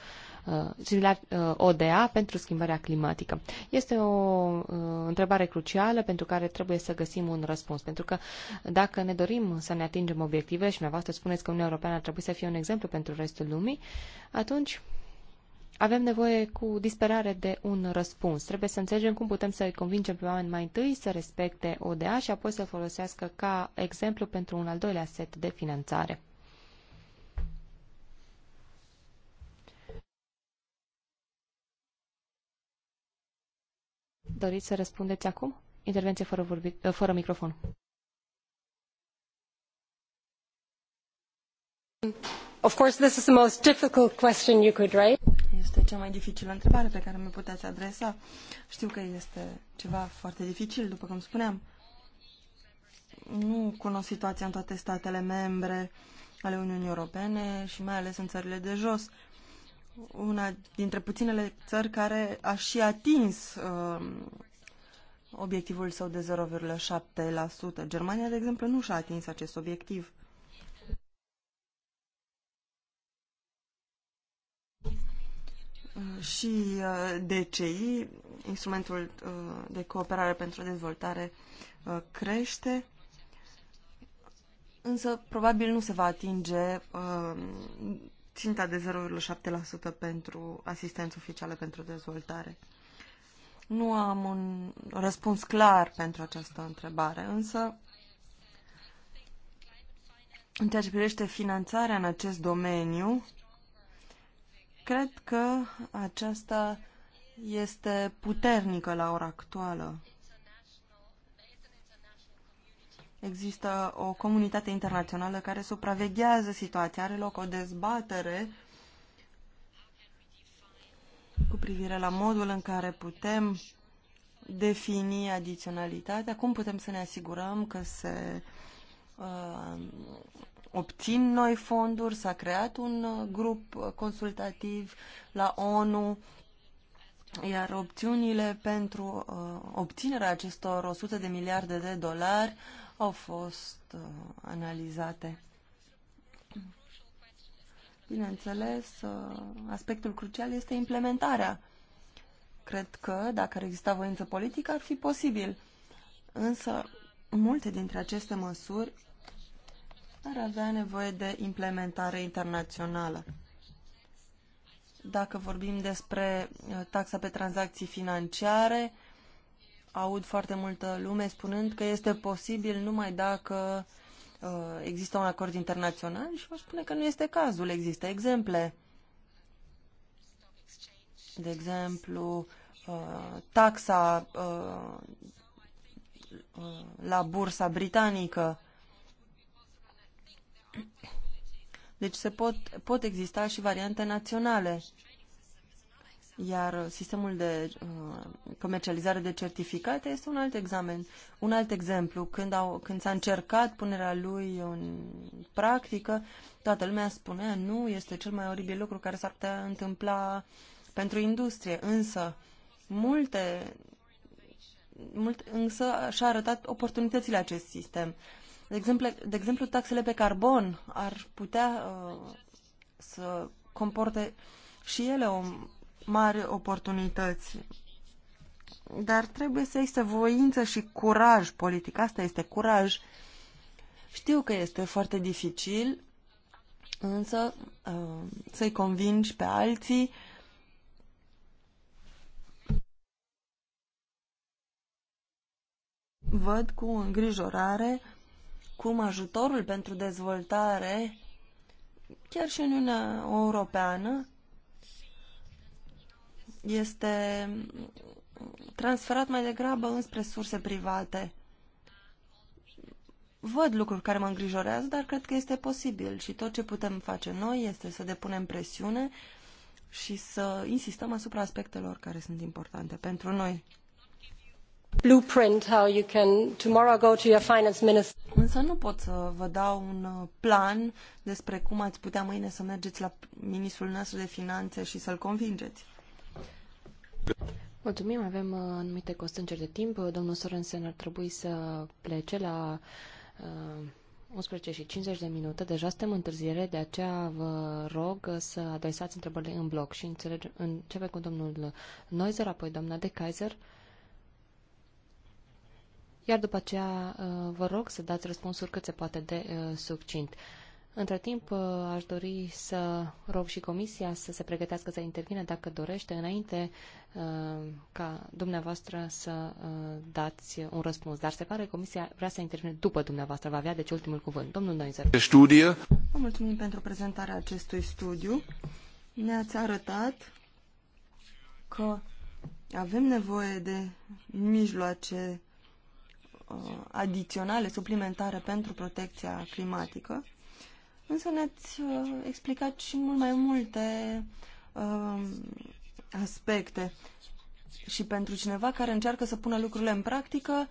Uh, similar uh, ODA pentru schimbarea climatică. Este o uh, întrebare crucială pentru care trebuie să găsim un răspuns, pentru că dacă ne dorim să ne atingem obiective și dumneavoastră spuneți că Uniunea Europeană ar trebui să fie un exemplu pentru restul lumii, atunci avem nevoie cu disperare de un răspuns. Trebuie să înțelegem cum putem să i convingem pe oameni mai întâi să respecte ODA și apoi să folosească ca exemplu pentru un al doilea set de finanțare. Doriți să răspundeți acum? Intervenție fără, vorbi, ă, fără microfon. Of course, this is the most difficult question you could raise. Este cea mai dificilă întrebare pe care mi-o puteți adresa. Știu că este ceva foarte dificil, după cum spuneam. Nu cunosc situația în toate statele membre ale Uniunii Europene și mai ales în țările de jos. Uh, una dintre puținele țări care a și atins uh, obiectivul său de 0,7%. Germania, de exemplu, nu și-a atins acest obiectiv. și uh, DCI, instrumentul uh, de cooperare pentru dezvoltare, uh, crește, însă probabil nu se va atinge ținta de 0,7% pentru asistență oficială pentru dezvoltare. Nu am un răspuns clar pentru această întrebare, însă în ceea ce privește finanțarea în acest domeniu, cred că aceasta este puternică la ora actuală. Există o comunitate internațională care supraveghează situația, are loc o dezbatere cu privire la modul în care putem defini adiționalitatea, cum putem să ne asigurăm că se uh, obțin noi fonduri, s-a creat un uh, grup consultativ la ONU, iar opțiunile pentru uh, obținerea acestor 100 de miliarde de dolari uh, au fost uh, analizate. Bineînțeles, uh, aspectul crucial este implementarea. Cred că, dacă ar exista voință politică, ar fi posibil. Însă, multe dintre aceste măsuri ar avea nevoie de implementare internațională. Dacă vorbim despre uh, taxa pe tranzacții financiare, aud foarte multă lume spunând că este posibil numai dacă uh, există un acord internațional și vă spune că nu este cazul. Există exemple. De exemplu, uh, taxa uh, uh la bursa britanică. Deci se pot, pot exista și variante naționale. Iar sistemul de uh, comercializare de certificate este un alt examen, un alt exemplu. Când, au, când s-a încercat punerea lui în practică, toată lumea spunea nu, este cel mai oribil lucru care s-ar putea întâmpla pentru industrie. Însă, multe, mult, însă și-a arătat oportunitățile acest sistem. De exemplu, de exemplu, taxele pe carbon ar putea uh, să comporte și ele o mari oportunități. Dar trebuie să existe voință și curaj politic. Asta este curaj. Știu că este foarte dificil, însă uh, să-i convingi pe alții văd cu îngrijorare cum ajutorul pentru dezvoltare, chiar și în Uniunea Europeană, este transferat mai degrabă înspre surse private. Văd lucruri care mă îngrijorează, dar cred că este posibil și tot ce putem face noi este să depunem presiune și să insistăm asupra aspectelor care sunt importante pentru noi. Blueprint how you can tomorrow go to your finance minister. Însă nu pot să vă dau un uh, plan despre cum ați putea mâine să mergeți la ministrul nostru de finanțe și să-l convingeți. Mulțumim, avem uh, anumite constrângeri de timp. Domnul Sorensen ar trebui să plece la uh, 11 și 50 de minute. Deja suntem întârziere, de aceea vă rog să adresați întrebările în bloc și înțelege, începe cu domnul Noizer, apoi doamna de Kaiser. Iar după aceea uh, vă rog să dați răspunsuri cât se poate de uh, succint. Între timp, uh, aș dori să rog și Comisia să se pregătească să intervine dacă dorește, înainte uh, ca dumneavoastră să uh, dați un răspuns. Dar se pare că Comisia vrea să intervine după dumneavoastră, va avea deci ultimul cuvânt. Domnul Noizer. Studie. Vă mulțumim pentru prezentarea acestui studiu. Ne-ați arătat că avem nevoie de mijloace adiționale, suplimentare pentru protecția climatică Însă ne-ați uh, explicat și mult mai multe uh, aspecte. Și pentru cineva care încearcă să pună lucrurile în practică,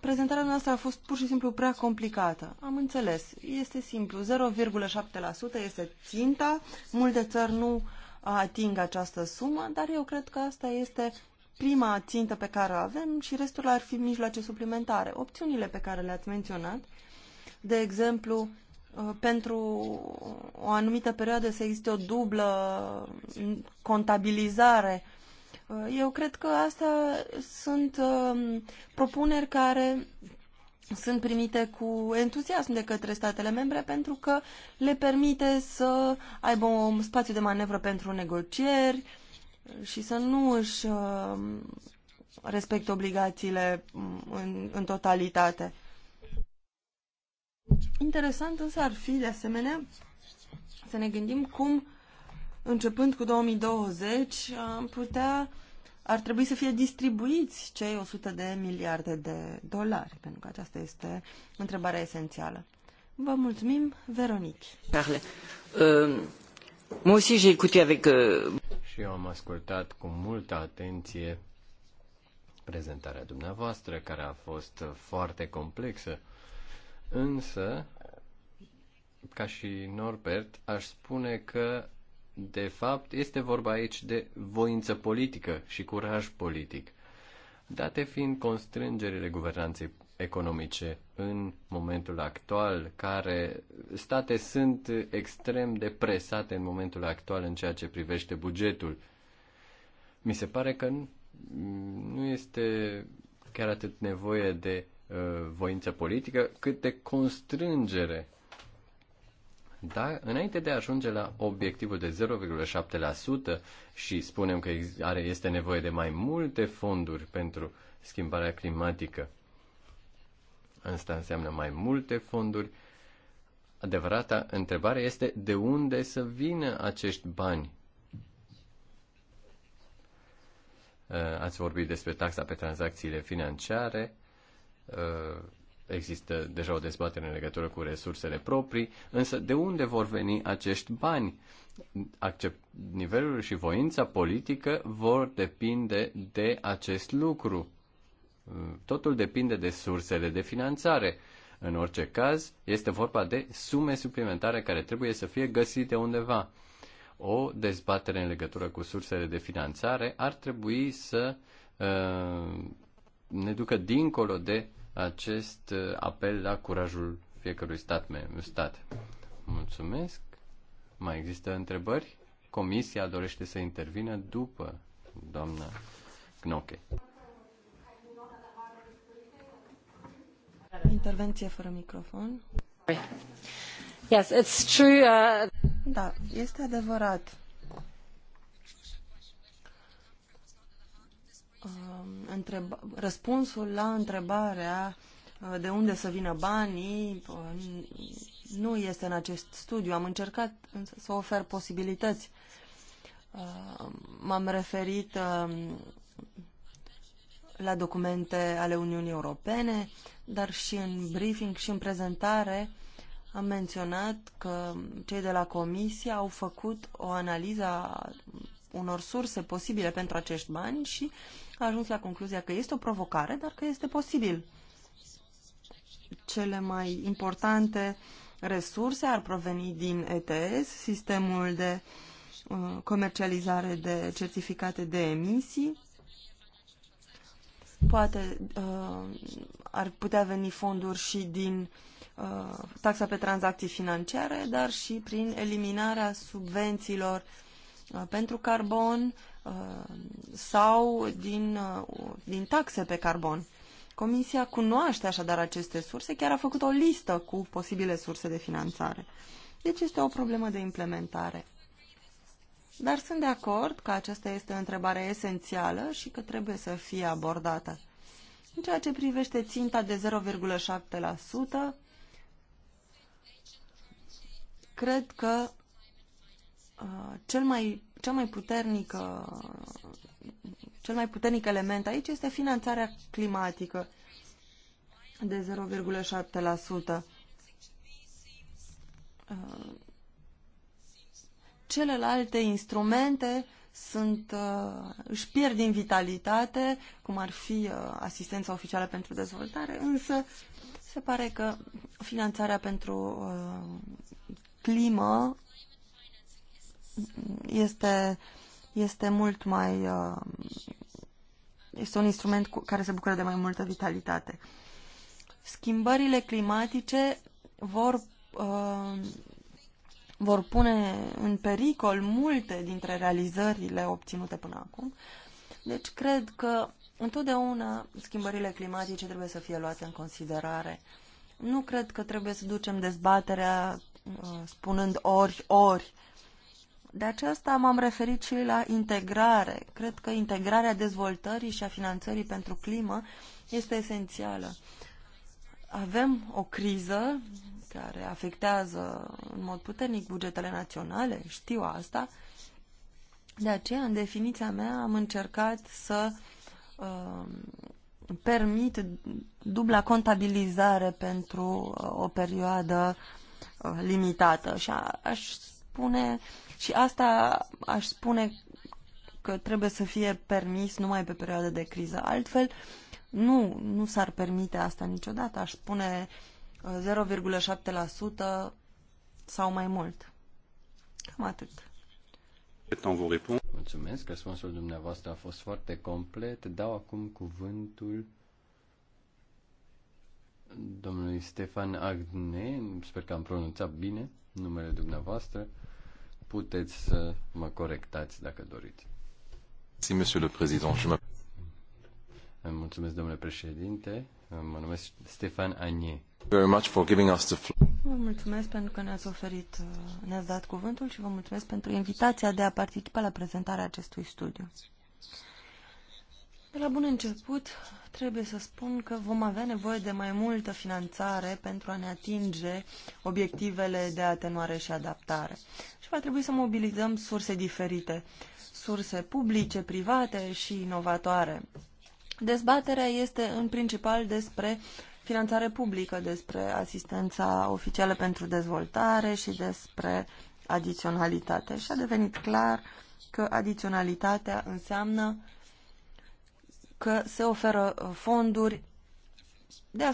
prezentarea noastră a fost pur și simplu prea complicată. Am înțeles. Este simplu. 0,7% este ținta. Multe țări nu ating această sumă, dar eu cred că asta este prima țintă pe care o avem și restul ar fi mijloace suplimentare. Opțiunile pe care le-ați menționat, de exemplu, Uh, pentru o anumită perioadă să existe o dublă mm, contabilizare. Uh, eu cred că astea sunt um, propuneri care sunt primite cu entuziasm de către statele membre pentru că le permite să aibă un spațiu de manevră pentru negocieri și să nu își um, respecte obligațiile mm, în, în totalitate. Interesant însă ar fi, de asemenea, să ne gândim cum, începând cu 2020, am putea, ar trebui să fie distribuiți cei 100 de miliarde de dolari, pentru că aceasta este întrebarea esențială. Vă mulțumim, Veronique. Parle. Uh, aussi j'ai écouté avec... Uh... Și eu am ascultat cu multă atenție prezentarea dumneavoastră, care a fost foarte complexă. Însă, ca și Norbert, aș spune că, de fapt, este vorba aici de voință politică și curaj politic, date fiind constrângerile guvernanței economice în momentul actual, care state sunt extrem de presate în momentul actual în ceea ce privește bugetul. Mi se pare că nu este chiar atât nevoie de Uh, voință politică, cât de constrângere. Dar înainte de a ajunge la obiectivul de 0,7% și spunem că are, este nevoie de mai multe fonduri pentru schimbarea climatică, asta înseamnă mai multe fonduri, adevărata întrebare este de unde să vină acești bani uh, ați vorbit despre taxa pe tranzacțiile financiare, Uh, există deja o dezbatere în legătură cu resursele proprii, însă de unde vor veni acești bani? Accept, nivelul și voința politică vor depinde de acest lucru. Uh, totul depinde de sursele de finanțare. În orice caz, este vorba de sume suplimentare care trebuie să fie găsite undeva. O dezbatere în legătură cu sursele de finanțare ar trebui să uh, ne ducă dincolo de acest uh, apel la curajul fiecărui stat. stat. Mulțumesc. Mai există întrebări? Comisia dorește să intervină după doamna Gnoche. Intervenție fără microfon. Yes, it's true. Uh... Da, este adevărat. Um, răspunsul la întrebarea uh, de unde să vină banii uh, nu este în acest studiu. Am încercat să ofer posibilități. Uh, m-am referit um, la documente ale Uniunii Europene, dar și în briefing și în prezentare am menționat că cei de la Comisie au făcut o analiză a unor surse posibile pentru acești bani și a ajuns la concluzia că este o provocare, dar că este posibil. Cele mai importante resurse ar proveni din ETS, sistemul de uh, comercializare de certificate de emisii. Poate uh, ar putea veni fonduri și din uh, taxa pe tranzacții financiare, dar și prin eliminarea subvențiilor uh, Uh, pentru carbon uh, sau din, uh, din taxe pe carbon. Comisia cunoaște așadar aceste surse, chiar a făcut o listă cu posibile surse de finanțare. Deci este o problemă de implementare. Dar sunt de acord că aceasta este o întrebare esențială și că trebuie să fie abordată. În ceea ce privește ținta de 0,7%, cred că Uh, cel mai, cea mai puternică, cel mai puternic element aici este finanțarea climatică de 0,7%. Uh, celelalte instrumente sunt, uh, își pierd din vitalitate, cum ar fi asistența oficială pentru dezvoltare, însă se pare că finanțarea pentru climă este, este mult mai... Uh, este un instrument cu, care se bucură de mai multă vitalitate. Schimbările climatice vor, uh, vor pune în pericol multe dintre realizările obținute până acum. Deci cred că întotdeauna schimbările climatice trebuie să fie luate în considerare. Nu cred că trebuie să ducem dezbaterea uh, spunând ori, ori. De aceasta m-am referit și la integrare. Cred că integrarea dezvoltării și a finanțării pentru climă este esențială. Avem o criză care afectează în mod puternic bugetele naționale, știu asta. De aceea, în definiția mea, am încercat să uh, permit dubla contabilizare pentru uh, o perioadă uh, limitată. Și a, aș spune și asta aș spune că trebuie să fie permis numai pe perioada de criză. Altfel, nu, nu s-ar permite asta niciodată. Aș spune 0,7% sau mai mult. Cam atât. Mulțumesc, răspunsul dumneavoastră a fost foarte complet. Dau acum cuvântul domnului Stefan Agne. sper că am pronunțat bine numele dumneavoastră, puteți să mă corectați dacă doriți. Si, monsieur le président, je Mulțumesc, domnule președinte. Mă numesc Stefan Agnie. Very much for giving us the floor. Vă mulțumesc pentru că ne-ați oferit, ne-ați dat cuvântul și vă mulțumesc pentru invitația de a participa la prezentarea acestui studiu. De la bun început, trebuie să spun că vom avea nevoie de mai multă finanțare pentru a ne atinge obiectivele de atenuare și adaptare și va trebui să mobilizăm surse diferite, surse publice, private și inovatoare. Dezbaterea este în principal despre finanțare publică, despre asistența oficială pentru dezvoltare și despre adiționalitate. Și a devenit clar că adiționalitatea înseamnă că se oferă fonduri de a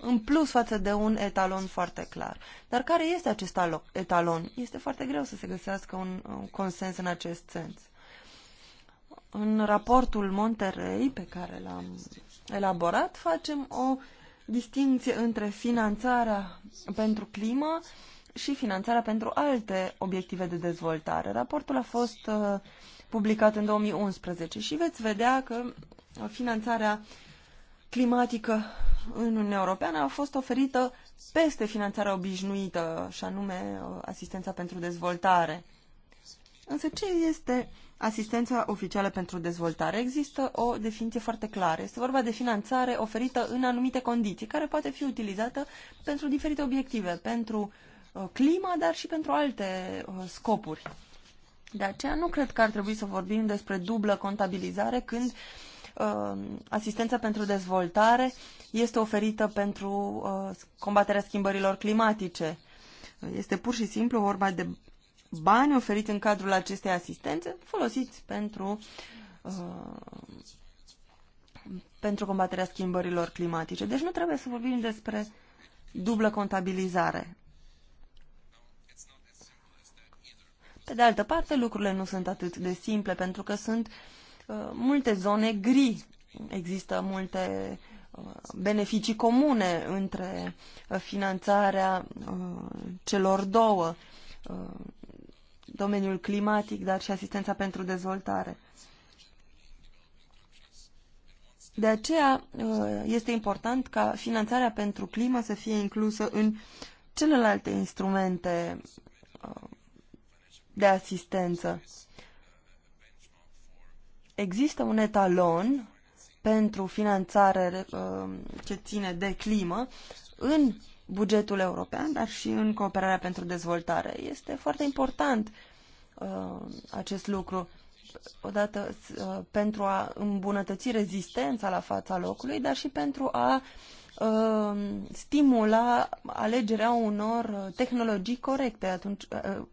în plus față de un etalon foarte clar. Dar care este acest etalon? Este foarte greu să se găsească un, un consens în acest sens. În raportul Monterey pe care l-am elaborat, facem o distinție între finanțarea pentru climă și finanțarea pentru alte obiective de dezvoltare. Raportul a fost uh, publicat în 2011 și veți vedea că finanțarea climatică în Uniunea Europeană a fost oferită peste finanțarea obișnuită, și anume uh, asistența pentru dezvoltare. Însă ce este asistența oficială pentru dezvoltare? Există o definiție foarte clară. Este vorba de finanțare oferită în anumite condiții, care poate fi utilizată pentru diferite obiective, pentru uh, clima, dar și pentru alte uh, scopuri. De aceea nu cred că ar trebui să vorbim despre dublă contabilizare când uh, Uh, asistența pentru dezvoltare este oferită pentru uh, combaterea schimbărilor climatice. Este pur și simplu vorba de bani oferiți în cadrul acestei asistențe folosiți pentru uh, pentru combaterea schimbărilor climatice. Deci nu trebuie să vorbim despre dublă contabilizare. Pe de altă parte, lucrurile nu sunt atât de simple, pentru că sunt Uh, multe zone gri. Există multe uh, beneficii comune între uh, finanțarea celor două, domeniul climatic, dar și asistența pentru dezvoltare. De aceea este important ca finanțarea pentru climă să fie inclusă în celelalte instrumente de asistență. Există un etalon pentru finanțare uh, ce ține de climă în bugetul european, dar și în cooperarea pentru dezvoltare. Este foarte important uh, acest lucru odată uh, pentru a îmbunătăți rezistența la fața locului, dar și pentru a stimula alegerea unor tehnologii corecte, atunci,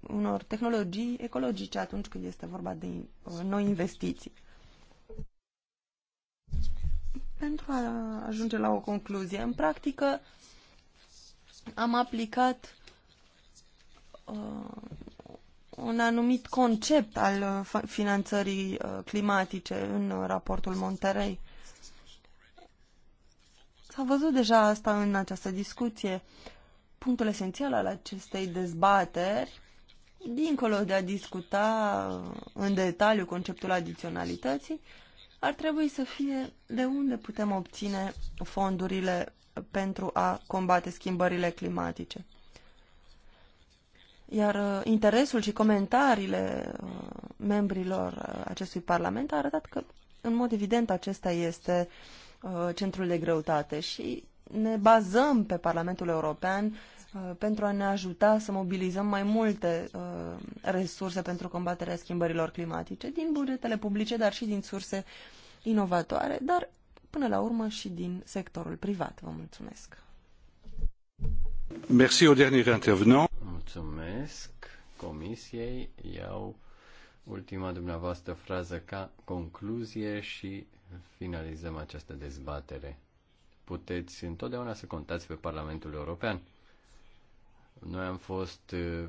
unor tehnologii ecologice atunci când este vorba de noi investiții pentru a ajunge la o concluzie. În practică am aplicat uh, un anumit concept al uh, finanțării uh, climatice în uh, raportul Monterey. S-a văzut deja asta în această discuție. Punctul esențial al acestei dezbateri, dincolo de a discuta în detaliu conceptul adiționalității, ar trebui să fie de unde putem obține fondurile pentru a combate schimbările climatice. Iar uh, interesul și comentariile uh, membrilor uh, acestui parlament a arătat că, în mod evident, acesta este centrul de greutate și ne bazăm pe Parlamentul European Uh, pentru a ne ajuta să mobilizăm mai multe uh, resurse pentru combaterea schimbărilor climatice din bugetele publice, dar și din surse inovatoare, dar până la urmă și din sectorul privat. Vă mulțumesc. Merci au dernier intervenant. Mulțumesc comisiei. Iau ultima dumneavoastră frază ca concluzie și finalizăm această dezbatere. Puteți întotdeauna să contați pe Parlamentul European. Noi am fost uh,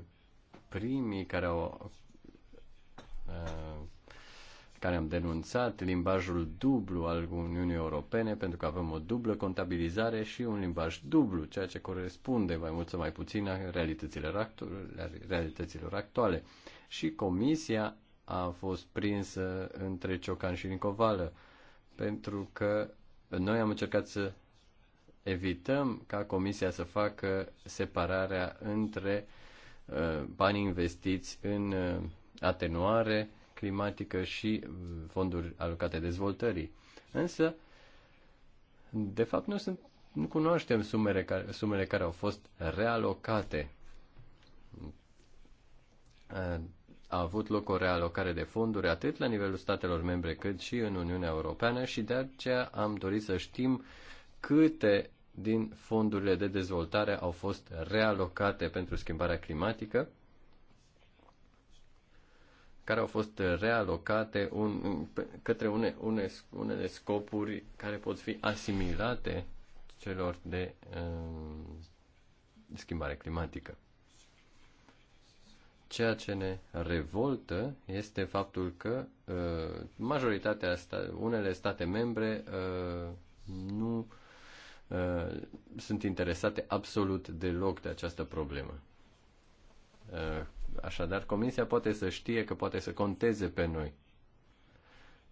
primii care au uh, care am denunțat limbajul dublu al Uniunii Europene pentru că avem o dublă contabilizare și un limbaj dublu, ceea ce corespunde mai mult sau mai puțin a realităților, actuale, realităților actuale. Și Comisia a fost prinsă între Ciocan și Nicovală pentru că noi am încercat să evităm ca Comisia să facă separarea între uh, banii investiți în uh, atenuare climatică și uh, fonduri alocate dezvoltării. Însă, de fapt, nu, sunt, nu cunoaștem sumele care, sumele care au fost realocate. A avut loc o realocare de fonduri atât la nivelul statelor membre cât și în Uniunea Europeană și de aceea am dorit să știm câte din fondurile de dezvoltare au fost realocate pentru schimbarea climatică, care au fost realocate un, către une, une, unele scopuri care pot fi asimilate celor de uh, schimbare climatică. Ceea ce ne revoltă este faptul că uh, majoritatea, sta, unele state membre uh, nu uh, Uh, sunt interesate absolut deloc de această problemă. Uh, așadar, Comisia poate să știe că poate să conteze pe noi.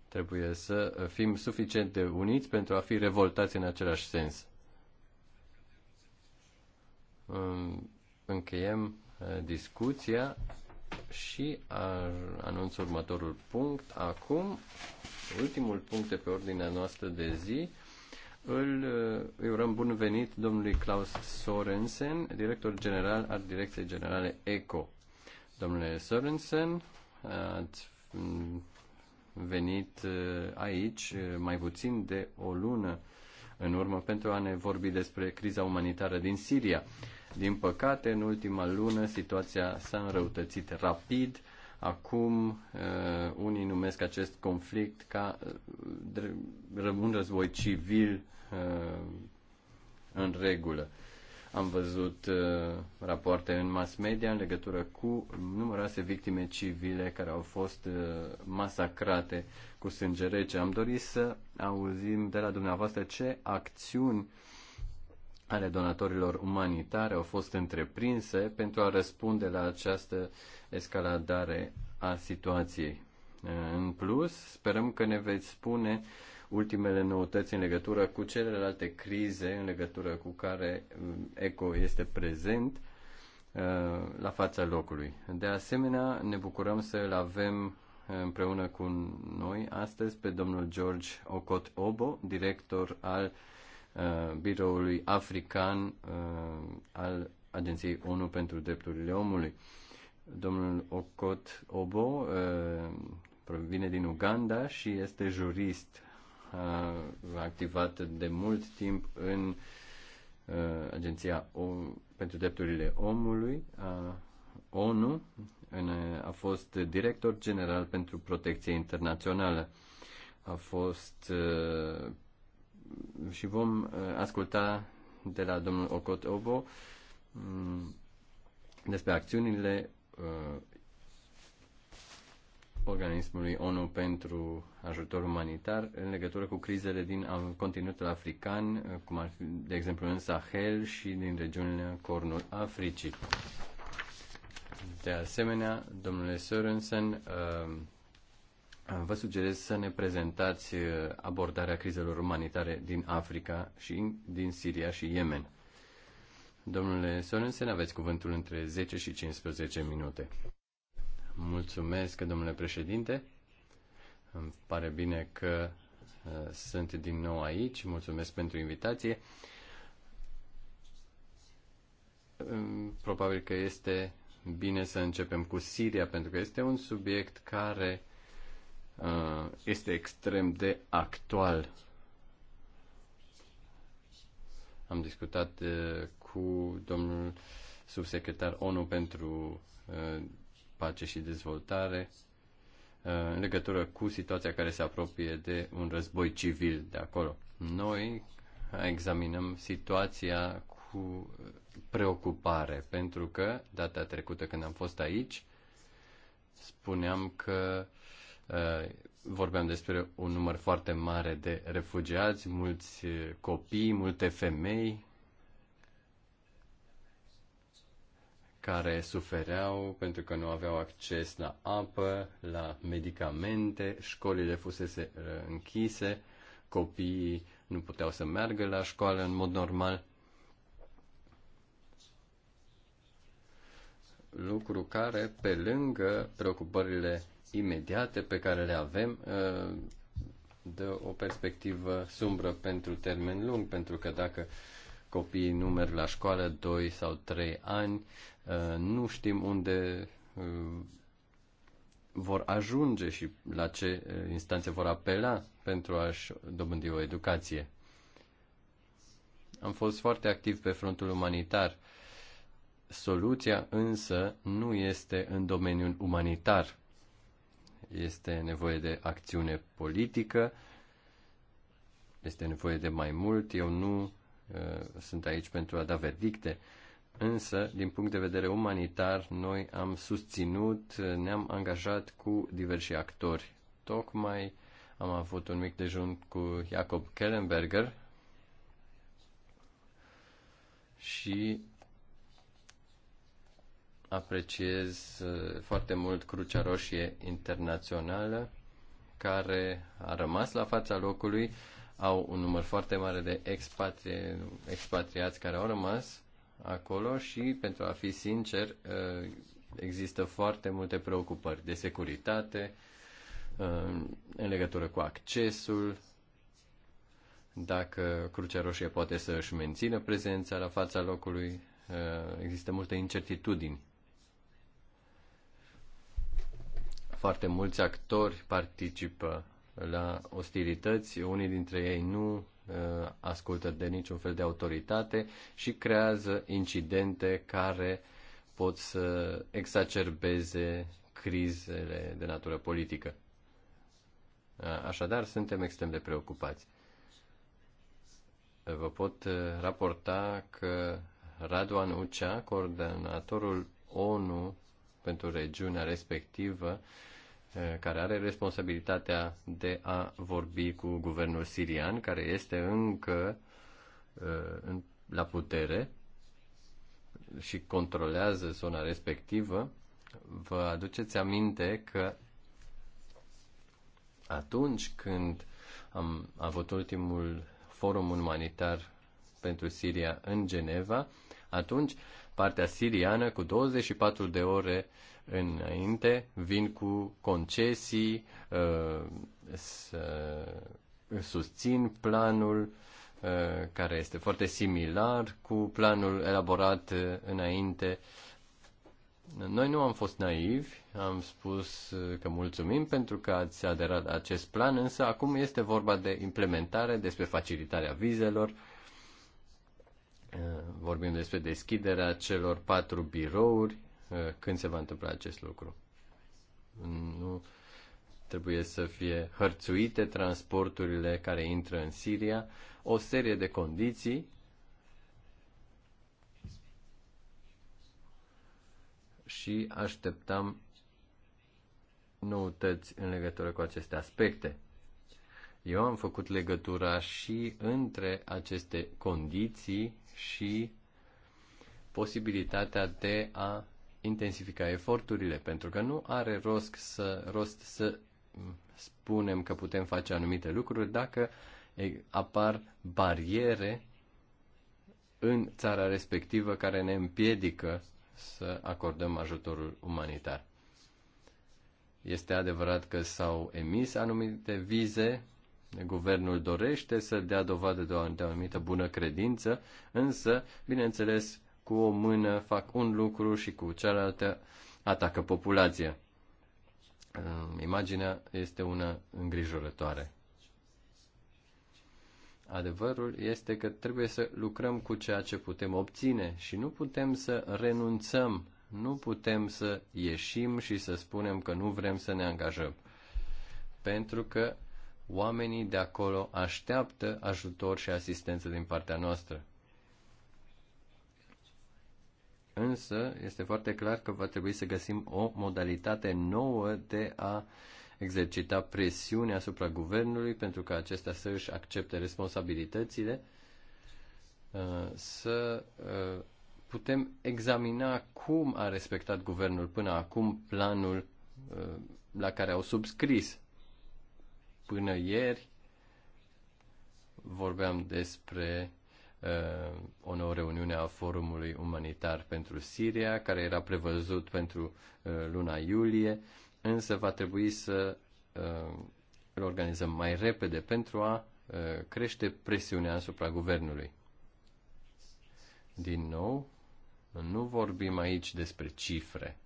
Trebuie să fim suficient de uniți pentru a fi revoltați în același sens. Um, încheiem uh, discuția și anunț următorul punct. Acum, ultimul punct de pe ordinea noastră de zi, îl, îi urăm bun venit domnului Klaus Sorensen, director general al Direcției Generale ECO. Domnule Sorensen, ați venit eh, aici eh, mai puțin de o lună în urmă pentru a ne vorbi despre criza umanitară din Siria. Din păcate, în ultima lună, situația s-a înrăutățit rapid Acum uh, unii numesc acest conflict ca uh, un război civil uh, în regulă. Am văzut rapoarte în mass media în legătură cu numeroase victime civile care au fost masacrate cu sânge rece. Am dorit să auzim de la dumneavoastră ce acțiuni uh, ale donatorilor umanitare au fost întreprinse pentru a răspunde la această escaladare a situației. În plus, sperăm că ne veți spune ultimele noutăți în legătură cu celelalte crize în legătură cu care uh, ECO este prezent uh, la fața locului. De asemenea, ne bucurăm să îl avem uh, împreună cu noi astăzi pe domnul George Ocot Obo, director al uh, Uh, biroului african uh, al Agenției ONU pentru Drepturile Omului. Domnul Okot Obo uh, provine din Uganda și este jurist activat de mult timp în Agenția pentru Drepturile Omului, ONU, a fost director general pentru protecție internațională. A fost și vom uh, asculta de la domnul Ocot Obo mm, despre acțiunile uh, organismului ONU pentru ajutor umanitar în legătură cu crizele din continentul african, uh, cum ar fi, de exemplu, în Sahel și din regiunile Cornul Africii. De asemenea, domnule Sørensen, Vă sugerez să ne prezentați uh, abordarea crizelor umanitare din Africa și din Siria și Yemen. Domnule Sorensen, aveți cuvântul între 10 și 15 minute. Mulțumesc, domnule președinte. Îmi pare bine că uh, sunt din nou aici. Mulțumesc pentru invitație. Probabil că este bine să începem cu Siria, pentru că este un subiect care Uh, este extrem de actual. Am discutat uh, cu domnul subsecretar ONU pentru uh, pace și dezvoltare în legătură cu situația care se apropie de un război civil de acolo. Noi examinăm situația cu preocupare, pentru că data trecută când am fost aici, spuneam că Uh, vorbeam despre un număr foarte mare de refugiați, mulți uh, copii, multe femei care sufereau pentru că nu aveau acces la apă, la medicamente, școlile fusese uh, închise, copiii nu puteau să meargă la școală în mod normal. Lucru care, pe lângă preocupările imediate pe care le avem uh, dă o perspectivă sumbră pentru termen lung, pentru că dacă copiii nu merg la școală 2 sau 3 ani, uh, nu știm unde uh, vor ajunge și la ce instanțe vor apela pentru a-și dobândi o educație. Am fost foarte activ pe frontul umanitar. Soluția însă nu este în domeniul umanitar este nevoie de acțiune politică, este nevoie de mai mult. Eu nu uh, sunt aici pentru a da verdicte, însă, din punct de vedere umanitar, noi am susținut, uh, ne-am angajat cu diversi actori. Tocmai am avut un mic dejun cu Jacob Kellenberger și apreciez uh, foarte mult Crucea Roșie Internațională, care a rămas la fața locului. Au un număr foarte mare de expatri- expatriați care au rămas acolo și, pentru a fi sincer, uh, există foarte multe preocupări de securitate, uh, în legătură cu accesul, dacă Crucea Roșie poate să își mențină prezența la fața locului, există multe incertitudini Foarte mulți actori participă la ostilități, unii dintre ei nu uh, ascultă de niciun fel de autoritate și creează incidente care pot să exacerbeze crizele de natură politică. Uh, așadar, suntem extrem de preocupați. Vă pot uh, raporta că Raduan Ucea, coordonatorul ONU pentru regiunea respectivă, Eh, care are responsabilitatea de a vorbi cu guvernul sirian, care este încă eh, la putere și controlează zona respectivă, vă aduceți aminte că atunci când am avut ultimul forum umanitar pentru Siria în Geneva, atunci partea siriană cu 24 de ore înainte, vin cu concesii, uh, să susțin planul uh, care este foarte similar cu planul elaborat uh, înainte. Noi nu am fost naivi, am spus că mulțumim pentru că ați aderat acest plan, însă acum este vorba de implementare, despre facilitarea vizelor, vorbim despre deschiderea celor patru birouri Uh, când se va întâmpla acest lucru. Nu trebuie să fie hărțuite transporturile care intră în Siria, o serie de condiții și așteptam noutăți în legătură cu aceste aspecte. Eu am făcut legătura și între aceste condiții și posibilitatea de a intensifica eforturile, pentru că nu are rost să, rost să spunem că putem face anumite lucruri dacă apar bariere în țara respectivă care ne împiedică să acordăm ajutorul umanitar. Este adevărat că s-au emis anumite vize, guvernul dorește să dea dovadă de o, anumită bună credință, însă, bineînțeles, cu o mână fac un lucru și cu cealaltă atacă populația. Imaginea este una îngrijorătoare. Adevărul este că trebuie să lucrăm cu ceea ce putem obține și nu putem să renunțăm, nu putem să ieșim și să spunem că nu vrem să ne angajăm. Pentru că oamenii de acolo așteaptă ajutor și asistență din partea noastră. însă este foarte clar că va trebui să găsim o modalitate nouă de a exercita presiune asupra guvernului pentru ca acesta să își accepte responsabilitățile, uh, să uh, putem examina cum a respectat guvernul până acum planul uh, la care au subscris. Până ieri vorbeam despre Uh, o reuniune a Forumului Umanitar pentru Siria, care era prevăzut pentru uh, luna iulie, însă va trebui să uh, îl organizăm mai repede pentru a crește presiunea asupra guvernului. Din nou, nu vorbim aici despre cifre.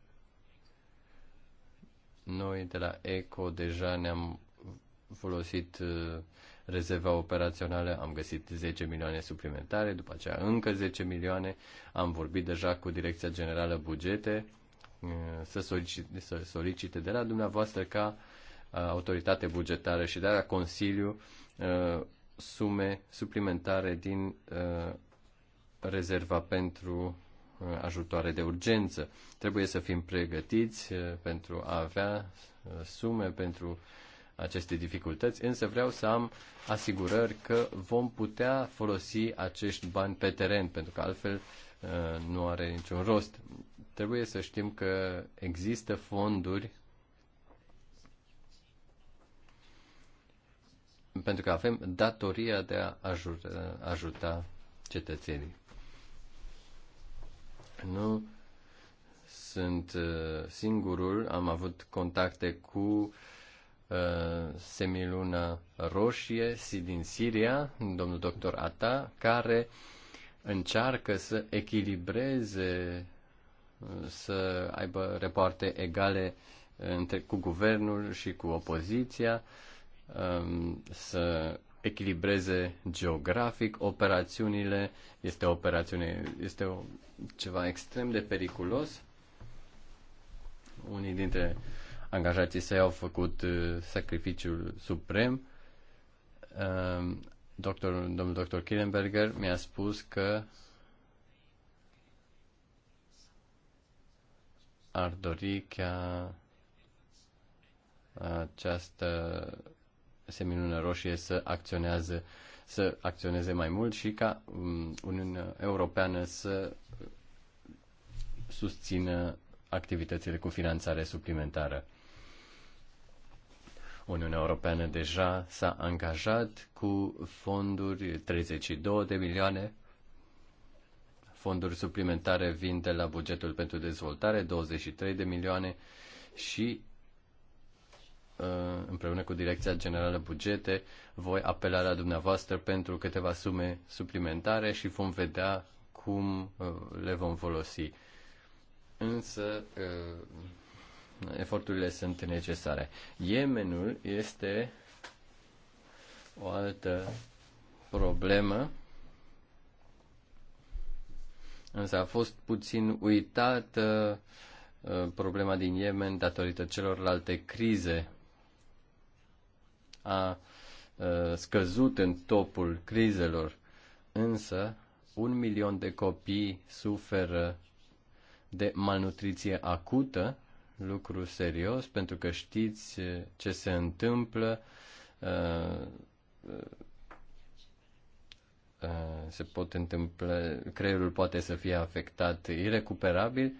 Noi de la ECO deja ne-am folosit rezerva operațională, am găsit 10 milioane suplimentare, după aceea încă 10 milioane, am vorbit deja cu Direcția Generală Bugete eh, să solicite, să solicite de la dumneavoastră ca eh, autoritate bugetară și de la Consiliu eh, sume suplimentare din rezerva pentru ajutoare de urgență. Trebuie să fim pregătiți pentru a avea sume pentru uh, aceste dificultăți, însă vreau să am asigurări că vom putea folosi acești bani pe teren, pentru că altfel uh, nu are niciun rost. Trebuie să știm că există fonduri pentru că avem datoria de a ajuta, ajuta cetățenii. Nu sunt uh, singurul, am avut contacte cu uh, Uh, semiluna roșie din Siria, domnul doctor Ata, care încearcă să echilibreze, uh, să aibă repoarte egale între, cu guvernul și cu opoziția, um, să echilibreze geografic operațiunile. Este o operațiune, este o, ceva extrem de periculos. Unii dintre uh, angajații săi au făcut uh, sacrificiul suprem. Um, doctor, domnul doctor Killenberger mi-a spus că ar dori ca această seminună roșie să acționează să acționeze mai mult și ca um, Uniunea Europeană să susțină activitățile cu finanțare suplimentară. Uniunea Europeană deja s-a angajat cu fonduri 32 de milioane, fonduri suplimentare vin de la bugetul pentru dezvoltare 23 de milioane și uh, împreună cu Direcția Generală Bugete voi apela la dumneavoastră pentru câteva sume suplimentare și vom vedea cum uh, le vom folosi. Însă uh, eforturile sunt necesare. Yemenul este o altă problemă, însă a fost puțin uitată uh, problema din Yemen datorită celorlalte crize. A uh, scăzut în topul crizelor, însă un milion de copii suferă de malnutriție acută lucru serios pentru că știți eh, ce se întâmplă. Eh, eh, se pot întâmpla, creierul poate să fie afectat irecuperabil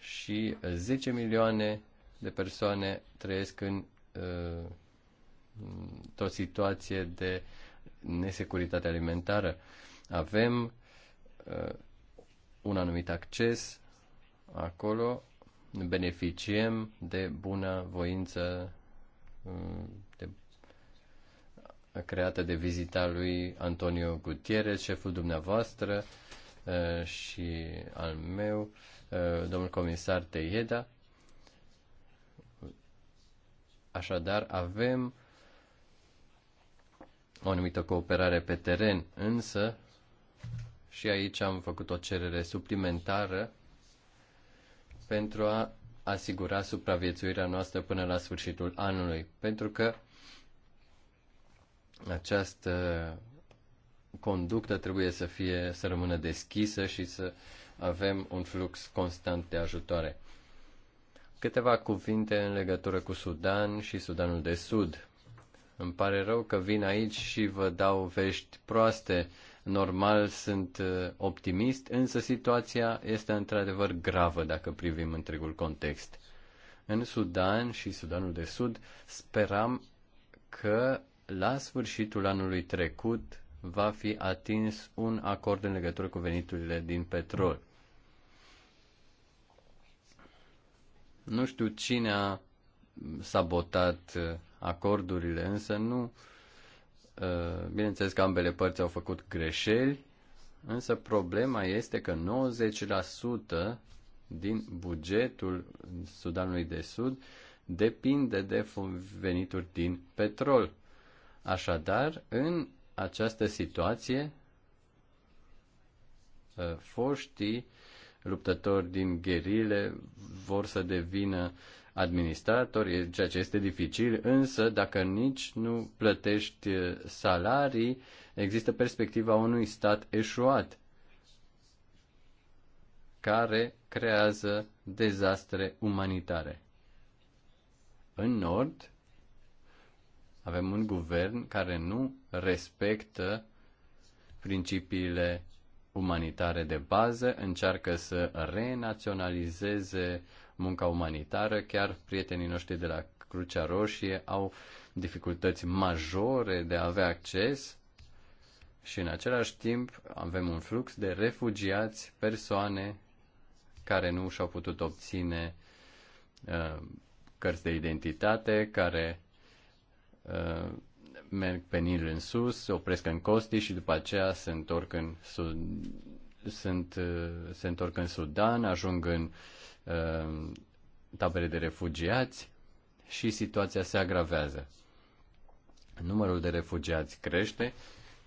și 10 milioane de persoane trăiesc în o situație de nesecuritate alimentară. Avem un anumit acces acolo beneficiem de bună voință uh, de, creată de vizita lui Antonio Gutierrez, șeful dumneavoastră uh, și al meu, uh, domnul comisar Teieda. Așadar, avem o anumită cooperare pe teren, însă și aici am făcut o cerere suplimentară pentru a asigura supraviețuirea noastră până la sfârșitul anului, pentru că această conductă trebuie să fie să rămână deschisă și să avem un flux constant de ajutoare. Câteva cuvinte în legătură cu Sudan și Sudanul de Sud. Îmi pare rău că vin aici și vă dau vești proaste normal sunt uh, optimist, însă situația este într-adevăr gravă dacă privim întregul context. În Sudan și Sudanul de Sud speram că la sfârșitul anului trecut va fi atins un acord în legătură cu veniturile din petrol. Nu știu cine a sabotat uh, acordurile, însă nu Uh, bineînțeles că ambele părți au făcut greșeli, însă problema este că 90% din bugetul Sudanului de Sud depinde de venituri din petrol. Așadar, în această situație, uh, foștii luptători din gherile vor să devină uh, administrator, ceea ce este dificil, însă dacă nici nu plătești salarii, există perspectiva unui stat eșuat care creează dezastre umanitare. În Nord avem un guvern care nu respectă principiile umanitare de bază, încearcă să renaționalizeze munca umanitară. Chiar prietenii noștri de la Crucea Roșie au dificultăți majore de a avea acces și în același timp avem un flux de refugiați, persoane care nu și-au putut obține uh, cărți de identitate, care uh, merg pe Nil în sus, se opresc în Costi și după aceea se întorc în, sud, sunt, uh, se întorc în Sudan, ajung în uh, Uh, tabere de refugiați și situația se agravează. Numărul de refugiați crește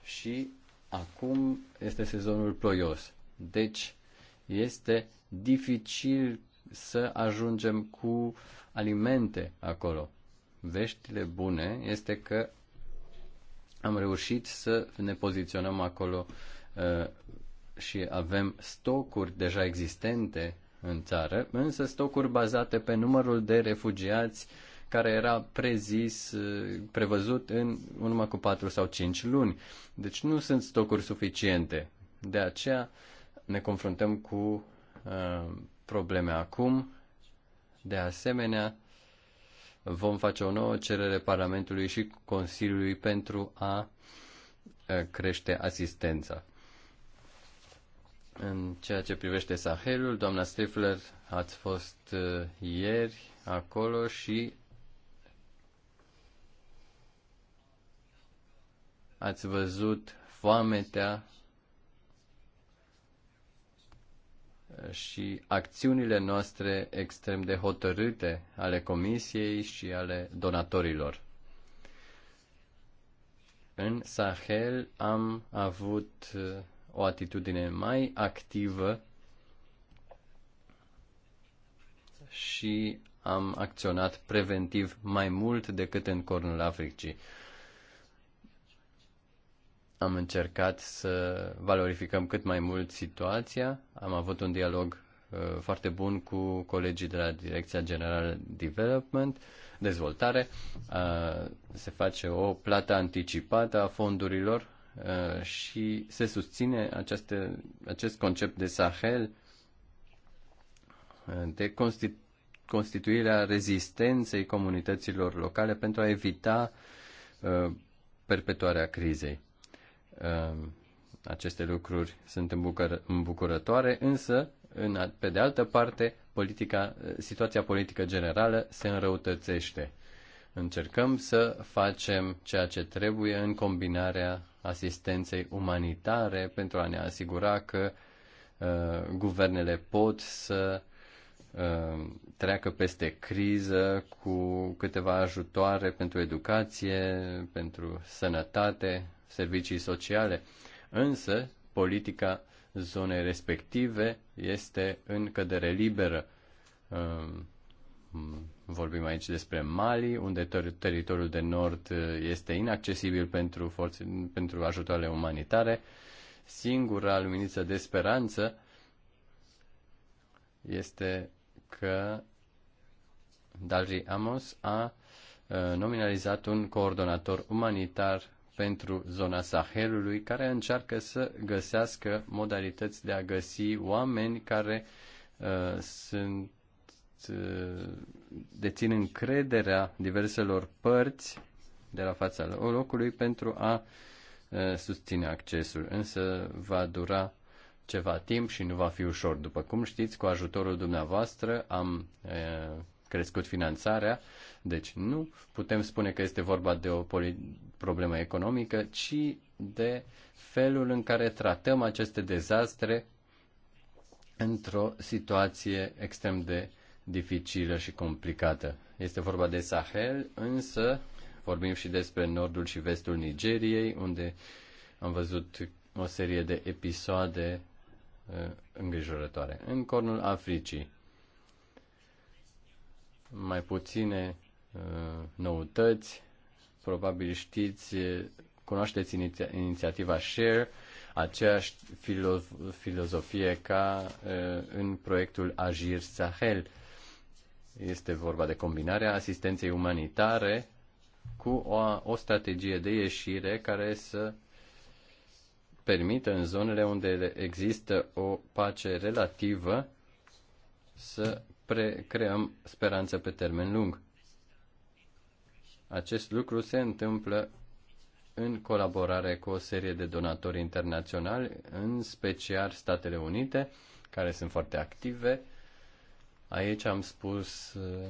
și acum este sezonul ploios. Deci este dificil să ajungem cu alimente acolo. Veștile bune este că am reușit să ne poziționăm acolo uh, și avem stocuri deja existente în țară, însă stocuri bazate pe numărul de refugiați care era prezis, prevăzut în urmă cu 4 sau 5 luni. Deci nu sunt stocuri suficiente. De aceea ne confruntăm cu uh, probleme acum. De asemenea, vom face o nouă cerere Parlamentului și Consiliului pentru a uh, crește asistența. În ceea ce privește Sahelul, doamna Stifler, ați fost uh, ieri acolo și ați văzut foametea și acțiunile noastre extrem de hotărâte ale Comisiei și ale donatorilor. În Sahel am avut uh, o atitudine mai activă și am acționat preventiv mai mult decât în cornul Africii. Am încercat să valorificăm cât mai mult situația, am avut un dialog uh, foarte bun cu colegii de la Direcția General Development, dezvoltare. Uh, se face o plată anticipată a fondurilor Uh, și se susține aceste, acest concept de Sahel uh, de constituirea rezistenței comunităților locale pentru a evita uh, perpetuarea crizei. Aceste lucruri sunt îmbucăr- îmbucurătoare, însă, în, pe de altă parte, politica, situația politică generală se înrăutățește. Încercăm să facem ceea ce trebuie în combinarea asistenței umanitare pentru a ne asigura că uh, guvernele pot să uh, treacă peste criză cu câteva ajutoare pentru educație, pentru sănătate, servicii sociale. Însă, politica zonei respective este în cădere liberă. Um, Vorbim aici despre Mali, unde ter- teritoriul de nord uh, este inaccesibil pentru, forțe, pentru ajutoarele umanitare. Singura luminiță de speranță este că Dalri Amos a uh, nominalizat un coordonator umanitar pentru zona Sahelului, care încearcă să găsească modalități de a găsi oameni care uh, sunt Uh, dețin încrederea diverselor părți de la fața locului pentru a uh, susține accesul, însă va dura ceva timp și nu va fi ușor. După cum știți, cu ajutorul dumneavoastră am uh, crescut finanțarea, deci nu putem spune că este vorba de o problemă economică, ci de felul în care tratăm aceste dezastre într-o situație extrem de dificilă și complicată. Este vorba de Sahel, însă vorbim și despre nordul și vestul Nigeriei, unde am văzut o serie de episoade uh, îngrijorătoare. În cornul Africii, mai puține uh, noutăți, probabil știți, cunoașteți iniția- inițiativa Share, aceeași filo- filozofie ca uh, în proiectul Agir Sahel, este vorba de combinarea asistenței umanitare cu o, o strategie de ieșire care să permită în zonele unde există o pace relativă să pre- creăm speranță pe termen lung. Acest lucru se întâmplă în colaborare cu o serie de donatori internaționali, în special Statele Unite, care sunt foarte active Aici am spus, uh,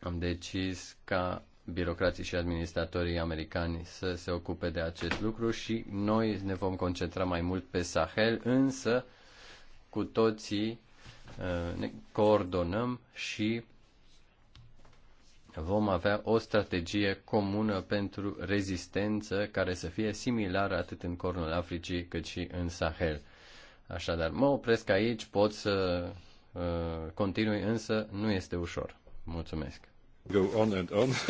am decis ca birocrații și administratorii americani să se ocupe de acest lucru și noi ne vom concentra mai mult pe Sahel, însă cu toții uh, ne coordonăm și vom avea o strategie comună pentru rezistență care să fie similară atât în Cornul Africii cât și în Sahel. Așadar, mă opresc aici, pot să Uh, continui, însă nu este ușor. Mulțumesc. Go on and on.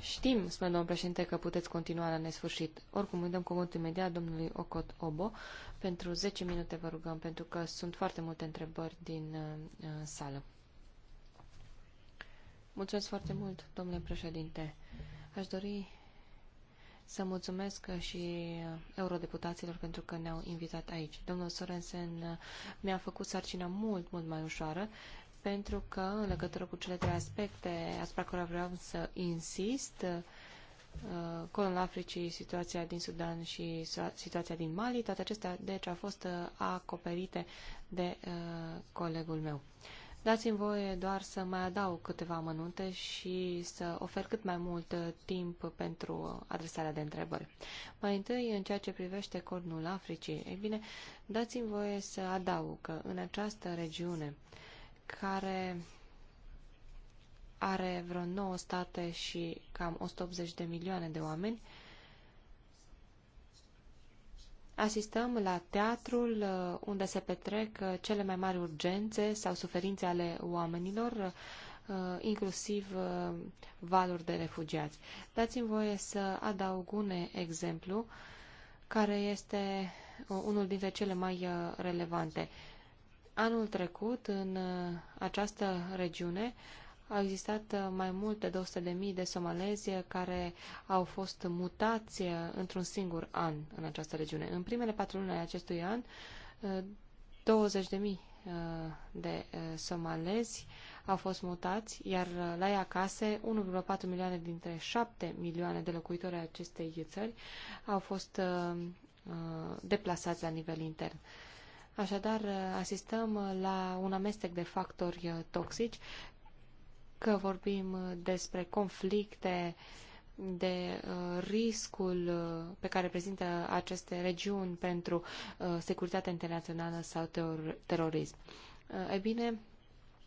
Știm, spune domnul președinte, că puteți continua la nesfârșit. Oricum, îi dăm cuvântul imediat domnului Ocot Obo. Pentru 10 minute vă rugăm, pentru că sunt foarte multe întrebări din uh, uh sală. Mulțumesc foarte mult, domnule președinte. Aș dori să mulțumesc și eurodeputaților pentru că ne-au invitat aici. Domnul Sorensen mi-a făcut sarcina mult, mult mai ușoară, pentru că, în legătură cu cele trei aspecte asupra care vreau să insist, uh, colonul Africii, situația din Sudan și situația din Mali, toate acestea, deci, au fost uh, acoperite de uh, colegul meu. Dați-mi voie doar să mai adaug câteva mănunte și să ofer cât mai mult uh, timp pentru adresarea de întrebări. Mai întâi, în ceea ce privește cornul Africii, ei bine, dați-mi voie să adaug că în această regiune, care are vreo 9 state și cam 180 de milioane de oameni, asistăm la teatrul uh, unde se petrec uh, cele mai mari urgențe sau suferințe ale oamenilor, uh, inclusiv valuri de refugiați. Dați-mi voie să adaug un exemplu care este unul dintre cele mai relevante. Anul trecut, în această regiune, au existat uh, mai mult de 200.000 de somalezi uh, care au fost mutați uh, într-un singur an în această regiune. În primele patru luni ale acestui an, 20.000 de somalezi au fost mutați, iar la ei acasă 1,4 milioane dintre 7 milioane de locuitori ai acestei țări au fost deplasați la nivel intern. Așadar, asistăm la un amestec de factori toxici că vorbim uh, despre conflicte, de uh, riscul uh, pe care prezintă aceste regiuni pentru securitatea internațională sau teror terorism. E bine,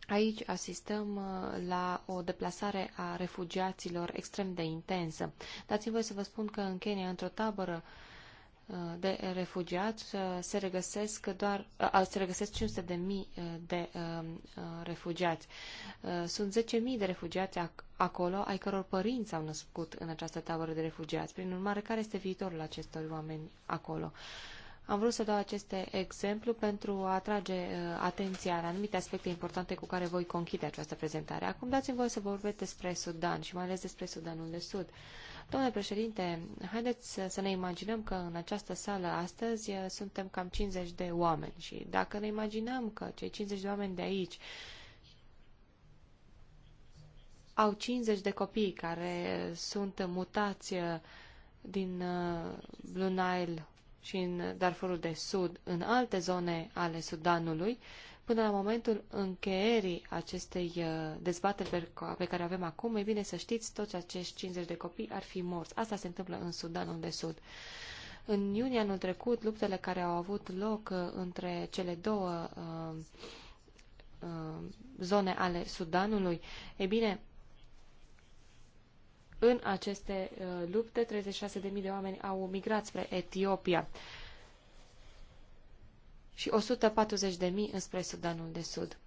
Aici asistăm la o deplasare a refugiaților extrem de intensă. Dați-mi voi să vă spun că în Kenya, într-o tabără uh, de refugiați uh, se regăsesc doar uh, se regăsesc 500 de uh, mii de refugiați. Sunt 10 mii de refugiați acolo, ai căror părinți au născut în această tabără de refugiați. Prin urmare, care este viitorul acestor oameni acolo? Am vrut să dau aceste exemplu pentru a atrage atenția la anumite aspecte importante cu care voi conchide această prezentare. Acum dați-mi voie să vorbesc despre Sudan și mai ales despre Sudanul de Sud. Uh, Domnule președinte, haideți să ne imaginăm că în această sală astăzi eh, suntem cam 50 de oameni și dacă ne imaginăm că cei 50 de oameni de aici au 50 de copii care sunt mutați eh, din eh, Blue Nile și în Darfurul de Sud, în alte zone ale Sudanului, uh, Până la momentul încheierii acestei uh, dezbateri pe care avem acum, e bine să știți, toți acești 50 de copii ar fi morți. Asta se întâmplă în Sudanul de Sud. În iunie anul trecut, luptele care au avut loc uh, între cele două uh, uh, zone ale Sudanului, e bine, în aceste uh, lupte, 36.000 de oameni au migrat spre Etiopia. Uh, și 140.000 înspre Sudanul de Sud.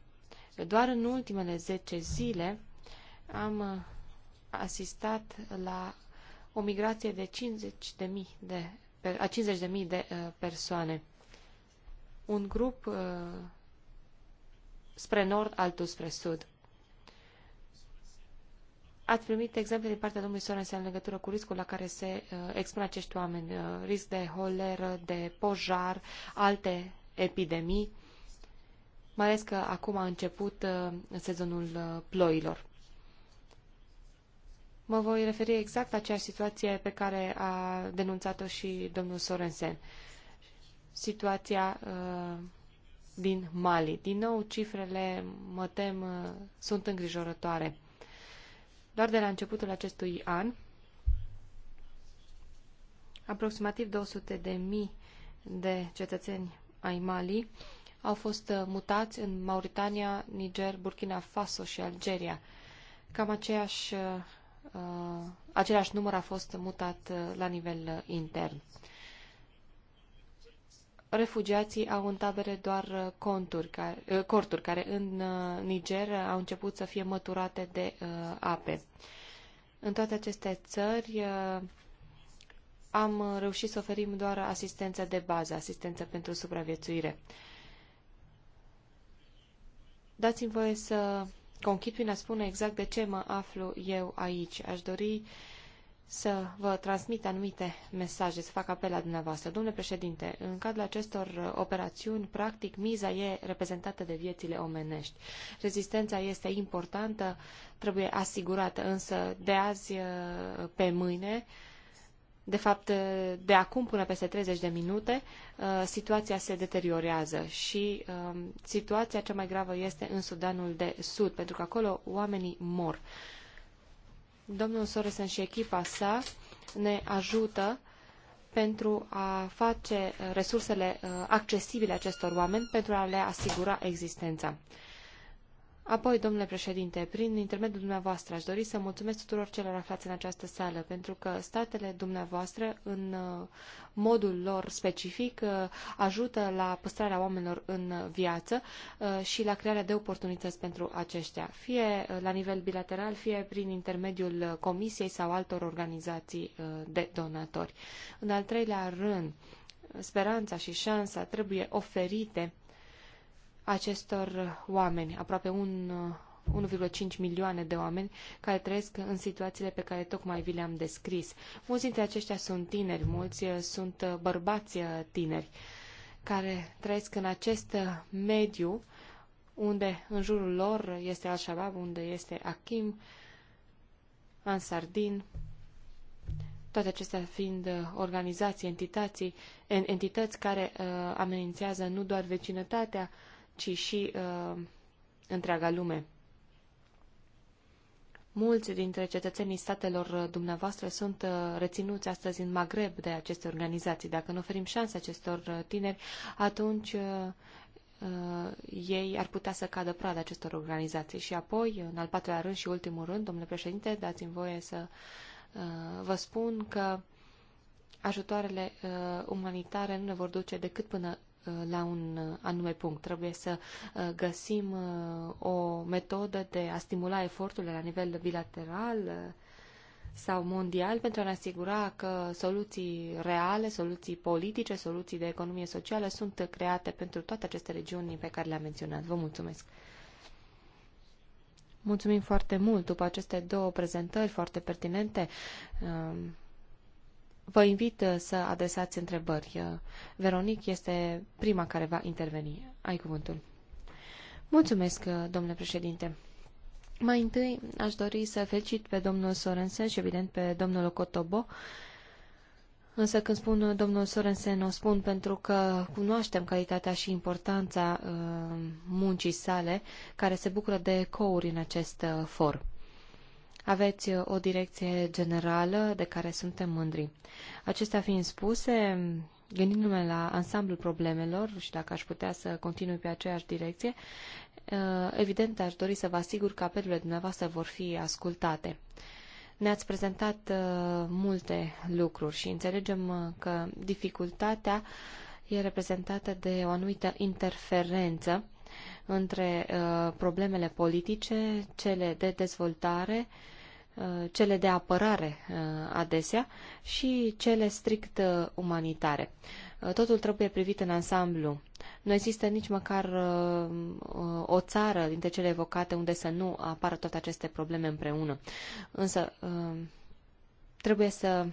Doar în ultimele 10 zile am uh, asistat la o migrație de 50.000 de, a 50 de mii de uh, persoane. Un grup uh, spre nord, altul spre sud. Ați primit exemple din partea domnului Sorensen în legătură cu riscul la care se uh, expun acești oameni, uh, risc de holeră, de pojar, alte epidemii, mai ales că acum a început uh, sezonul uh, ploilor. Mă voi referi exact la aceeași situație pe care a denunțat-o și domnul Sorensen. Situația uh, din Mali. Din nou, cifrele, mă tem, uh, sunt îngrijorătoare. Doar de la începutul acestui an, aproximativ 200 de mii de cetățeni ai Mali au fost uh, mutați în Mauritania, Niger, Burkina Faso și Algeria. Cam aceeași, uh, uh același număr a fost mutat uh, la nivel intern. Refugiații au în tabere doar conturi care, corturi, care în Niger au început să fie măturate de uh, ape. În toate aceste țări, uh, am uh, reușit să oferim doar asistență de bază, asistență pentru supraviețuire. Dați-mi voie să conchid prin a spune exact de ce mă aflu eu aici. Aș dori să vă transmit anumite mesaje, să fac apel la dumneavoastră. Domnule președinte, în cadrul acestor uh, operațiuni, practic, miza e reprezentată de viețile omenești. Rezistența este importantă, trebuie asigurată, însă de azi uh, pe mâine, de fapt, de acum până peste 30 de minute, uh, situația se deteriorează și um, situația cea mai gravă este în Sudanul de Sud, pentru că acolo oamenii mor. Domnul Soresen și echipa sa ne ajută pentru a face resursele uh, accesibile acestor oameni, pentru a le asigura existența. Apoi, domnule președinte, prin intermediul dumneavoastră aș dori să mulțumesc tuturor celor aflați în această sală, pentru că statele dumneavoastră, în uh, modul lor specific, uh, ajută la păstrarea oamenilor în viață uh, și la crearea de oportunități pentru aceștia, fie la nivel bilateral, fie prin intermediul comisiei sau altor organizații de donatori. În al treilea rând, speranța și șansa trebuie oferite acestor oameni, aproape un 1,5 milioane de oameni care trăiesc în situațiile pe care tocmai vi le-am descris. Mulți dintre aceștia sunt tineri, mulți uh, sunt uh, bărbați uh, tineri care trăiesc în acest mediu unde în jurul lor este Al-Shabaab, unde este Akim, Ansardin, toate acestea fiind organizații, entități, entități care amenințează nu doar vecinătatea, ci și uh, întreaga lume. Mulți dintre cetățenii statelor uh, dumneavoastră sunt uh, reținuți astăzi în Maghreb de aceste organizații. Dacă nu oferim șanse acestor uh, tineri, atunci uh, ei ar putea să cadă prada acestor organizații. Și apoi, în al patrulea rând și ultimul rând, domnule președinte, dați-mi voie să uh, vă spun că ajutoarele uh, umanitare nu ne vor duce decât până Uh, la un uh, anume punct. Trebuie să uh, găsim o metodă de a stimula eforturile la nivel bilateral sau mondial pentru a ne asigura că soluții reale, soluții politice, soluții de economie socială sunt create pentru toate aceste regiuni pe care le-am menționat. Vă mulțumesc! Mulțumim foarte mult după aceste două prezentări foarte pertinente. Um, Vă invit uh, să adresați întrebări. Uh, Veronic este prima care va interveni. Ai cuvântul. Mulțumesc, uh, domnule președinte. Mai întâi aș dori să felicit pe domnul Sorensen și evident pe domnul Cotobo. Însă când spun domnul Sorensen, o spun pentru că cunoaștem calitatea și importanța muncii sale, care se bucură de ecouri în acest forum. Aveți uh, o direcție generală de care suntem mândri. Acestea fiind spuse, gândindu-mă la ansamblul problemelor și dacă aș putea să continui pe aceeași direcție, uh, evident aș dori să vă asigur că apelurile dumneavoastră vor fi ascultate. Ne-ați prezentat uh, multe lucruri și înțelegem că dificultatea e reprezentată de o anumită interferență între uh, problemele politice, cele de dezvoltare, uh, cele de apărare uh, adesea și cele strict uh, umanitare. Totul trebuie privit în ansamblu. Nu există nici măcar o țară dintre cele evocate unde să nu apară toate aceste probleme împreună. Însă trebuie să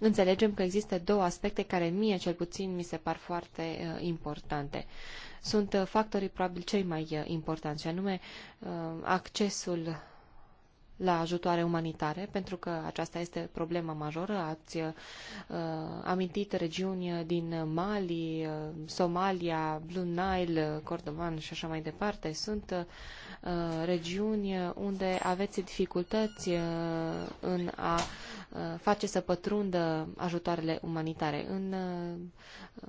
Înțelegem că există două aspecte care mie, cel puțin, mi se par foarte importante sunt uh, factorii probabil cei mai uh, importanți, și anume uh, accesul la ajutoare umanitare, pentru că aceasta este problema majoră. Ați uh, amintit regiuni din Mali, Somalia, Blue Nile, Cordovan și așa mai departe. Sunt uh, regiuni unde aveți dificultăți uh, în a uh, face să pătrundă ajutoarele umanitare. În uh,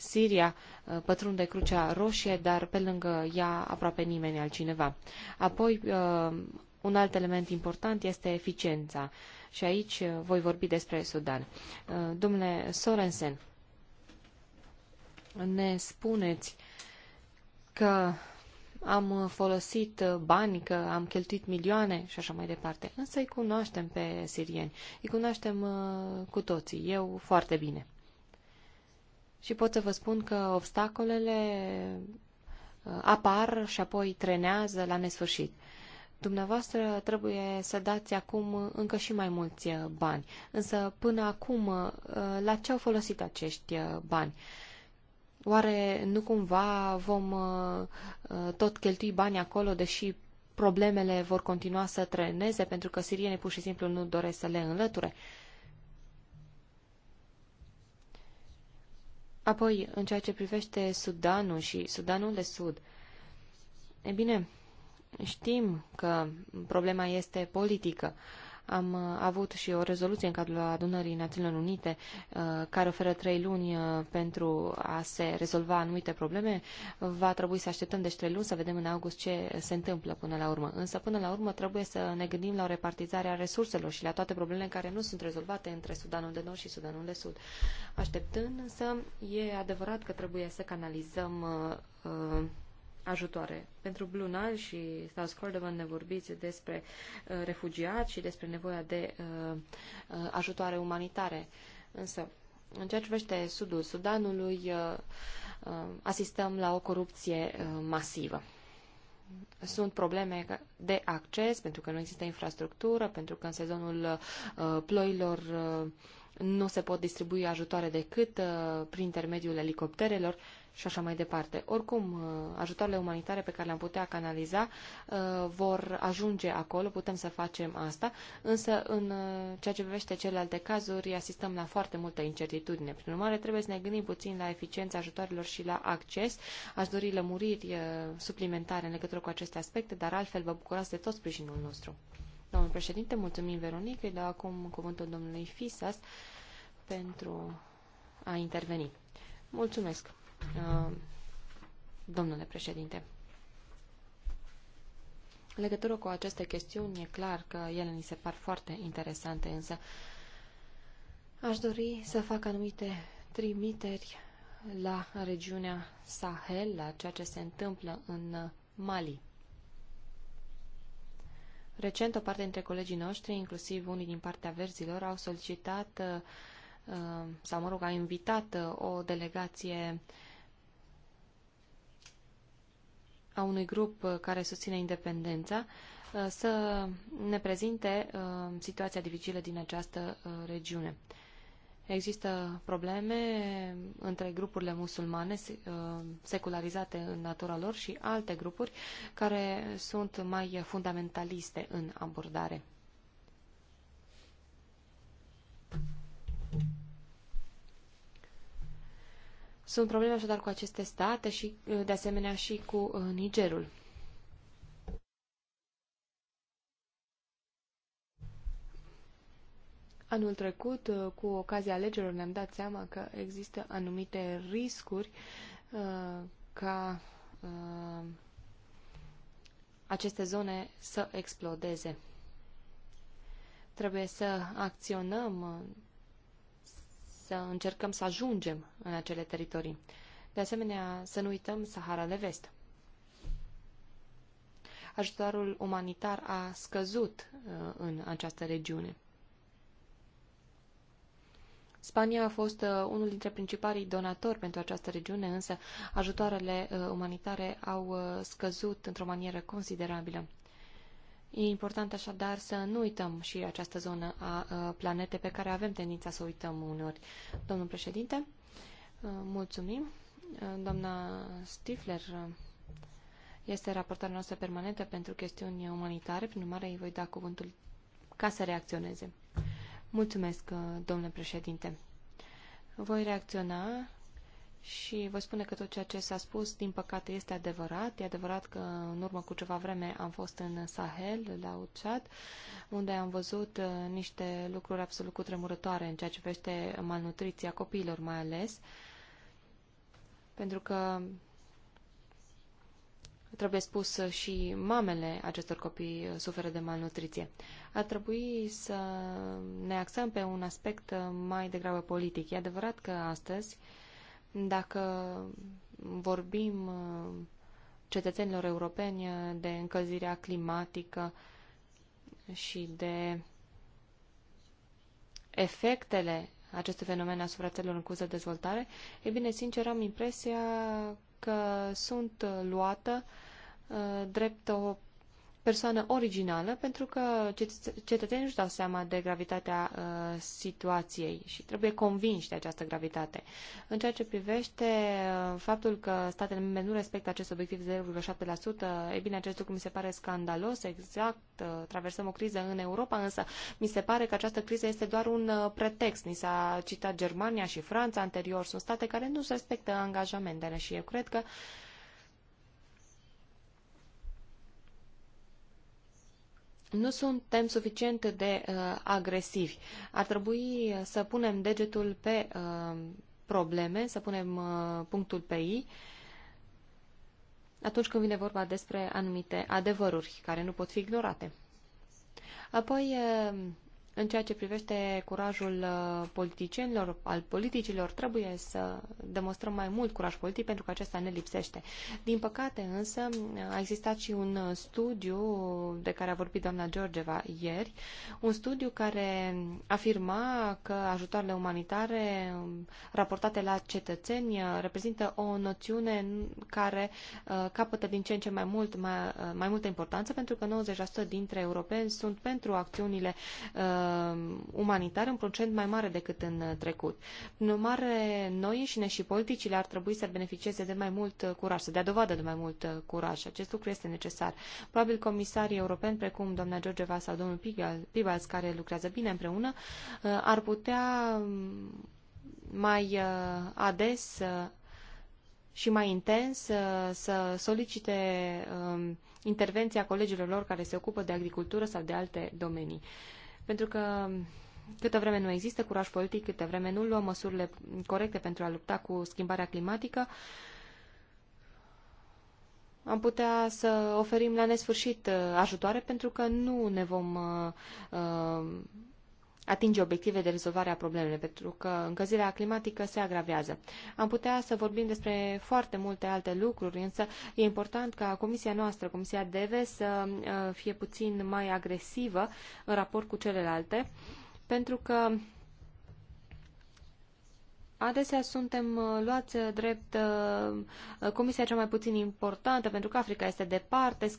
Siria uh, pătrunde Crucea Roșie, dar pe lângă ea aproape nimeni altcineva. Apoi, uh, un alt element important este eficiența. Și aici uh, voi vorbi despre Sudan. Domnule Sorensen, ne spuneți că am folosit bani, că am cheltuit milioane și așa mai departe. Însă îi cunoaștem pe sirieni, îi cunoaștem cu toții, eu foarte bine. Și pot să vă spun că obstacolele uh, apar și apoi trenează la nesfârșit. Dumneavoastră trebuie să dați acum încă și mai mulți uh, bani. Însă, până acum, uh, la ce au folosit acești bani? Oare nu cumva vom tot cheltui bani acolo, deși problemele vor continua să treneze pentru că sirienii pur și simplu nu doresc să le înlăture? Apoi, în ceea ce privește Sudanul și Sudanul de Sud, e bine, știm că problema este politică. Am uh, avut și o rezoluție în cadrul adunării Națiunilor Unite uh, care oferă trei luni uh, pentru a se rezolva anumite probleme. Va trebui să așteptăm deci trei luni să vedem în august ce se întâmplă până la urmă. Însă până la urmă trebuie să ne gândim la o repartizare a resurselor și la toate problemele care nu sunt rezolvate între Sudanul de Nord și Sudanul de Sud. Așteptând însă, e adevărat că trebuie să canalizăm uh, ajutoare. Pentru Blue Nile și Stas Cordovan ne vorbiți despre uh, refugiați și despre nevoia de uh, uh, ajutoare umanitare. Însă, în ceea ce privește sudul Sudanului, uh, uh, asistăm la o corupție uh, masivă. Sunt probleme de acces, pentru că nu există infrastructură, pentru că în sezonul uh, ploilor uh, nu se pot distribui ajutoare decât uh, prin intermediul elicopterelor. Uh, și așa mai departe. Oricum, uh, ajutoarele umanitare pe care le-am putea canaliza uh, vor ajunge acolo, putem să facem asta, însă în uh, ceea ce privește celelalte cazuri asistăm la foarte multă incertitudine. Prin urmare, trebuie să ne gândim puțin la eficiența ajutoarelor și la acces. Aș dori lămuriri suplimentare în legătură cu aceste aspecte, dar altfel vă bucurați de tot sprijinul nostru. Domnul președinte, mulțumim Veronica, îi dau acum cuvântul domnului Fisas pentru a interveni. Mulțumesc! Uh, domnule președinte, în legătură cu aceste chestiuni, e clar că ele ni se par foarte interesante, însă aș dori să fac anumite trimiteri la regiunea Sahel, la ceea ce se întâmplă în Mali. Recent, o parte dintre colegii noștri, inclusiv unii din partea verzilor, au solicitat uh, sau, mă rog, a invitat uh, o delegație uh, a unui grup uh, care susține independența uh, să ne prezinte uh, situația dificilă din această regiune. Există probleme între grupurile musulmane secularizate în natura lor și alte grupuri care sunt mai fundamentaliste în abordare. Sunt probleme așadar cu aceste state și, uh, de asemenea, și cu uh, Nigerul. Anul trecut, uh, cu ocazia alegerilor, ne-am dat seama că există anumite riscuri uh, ca uh, aceste zone să explodeze. Trebuie să acționăm să încercăm să ajungem în acele teritorii. De asemenea, să nu uităm Sahara de Vest. Ajutorul umanitar a scăzut uh, în această regiune. Spania a fost uh, unul dintre principalii donatori pentru această regiune, însă ajutoarele uh, umanitare au scăzut într-o manieră considerabilă. E important așadar să nu uităm și această zonă a planetei pe care avem tendința să o uităm uneori. Domnul președinte, mulțumim. Doamna Stifler este raportarea noastră permanentă pentru chestiuni umanitare, prin urmare îi voi da cuvântul ca să reacționeze. Mulțumesc, domnule președinte. Voi reacționa și vă spune că tot ceea ce s-a spus, din păcate, este adevărat. E adevărat că în urmă cu ceva vreme am fost în Sahel, la Uchat, unde am văzut uh, niște lucruri absolut cutremurătoare în ceea ce vește malnutriția copiilor, mai ales. Pentru că trebuie spus și mamele acestor copii uh, suferă de malnutriție. Ar trebui să ne axăm pe un aspect uh, mai degrabă politic. E adevărat că astăzi uh, dacă vorbim uh, cetățenilor europeni uh, de încălzirea climatică și de efectele acestui fenomen asupra țărilor în curs de dezvoltare, e bine, sincer, am impresia că sunt luată uh, drept o persoană originală, pentru că cetățenii nu-și dau seama de gravitatea uh, situației și trebuie convinși de această gravitate. În ceea ce privește uh, faptul că statele membre nu respectă acest obiectiv de 0,7%, e bine, acest lucru mi se pare scandalos, exact, uh, traversăm o criză în Europa, însă mi se pare că această criză este doar un uh, pretext. Ni s-a citat Germania și Franța anterior, sunt state care nu respectă angajamentele și eu cred că uh, nu suntem suficient de uh, agresivi. Ar trebui uh, să punem degetul pe uh, probleme, să punem uh, punctul pe I atunci când vine vorba despre anumite adevăruri care nu pot fi ignorate. Apoi, uh, în ceea ce privește curajul uh, politicienilor, al politicilor, trebuie să demonstrăm mai mult curaj politic pentru că acesta ne lipsește. Din păcate însă a existat și un uh, studiu de care a vorbit doamna Georgeva ieri, un studiu care afirma că ajutoarele umanitare um, raportate la cetățeni uh, reprezintă o noțiune care capătă din ce în ce mai, mult, mai, mai multă importanță pentru că 90% dintre europeni sunt pentru acțiunile uh, Um, umanitar în procent mai mare decât în uh, trecut. În urmare, noi înșine și politicile ar trebui să beneficieze de mai mult uh, curaj, să dea dovadă de mai mult uh, curaj. Acest lucru este necesar. Probabil comisarii europeni, precum doamna Georgeva sau domnul Pibals, care lucrează bine împreună, ar putea um, mai ades și mai intens să solicite um, intervenția colegilor lor care se ocupă de agricultură sau de alte domenii. Pentru că câtă vreme nu există curaj politic, câtă vreme nu luăm măsurile corecte pentru a lupta cu schimbarea climatică, am putea să oferim la nesfârșit uh, ajutoare pentru că nu ne vom uh, uh atinge obiective de rezolvare a problemelor, pentru că încălzirea climatică se agravează. Am putea să vorbim despre foarte multe alte lucruri, însă e important ca comisia noastră, comisia DEVE, să uh, fie puțin mai agresivă în raport cu celelalte, pentru că Adesea suntem uh, luați uh, drept comisia cea mai puțin importantă, pentru că Africa este departe,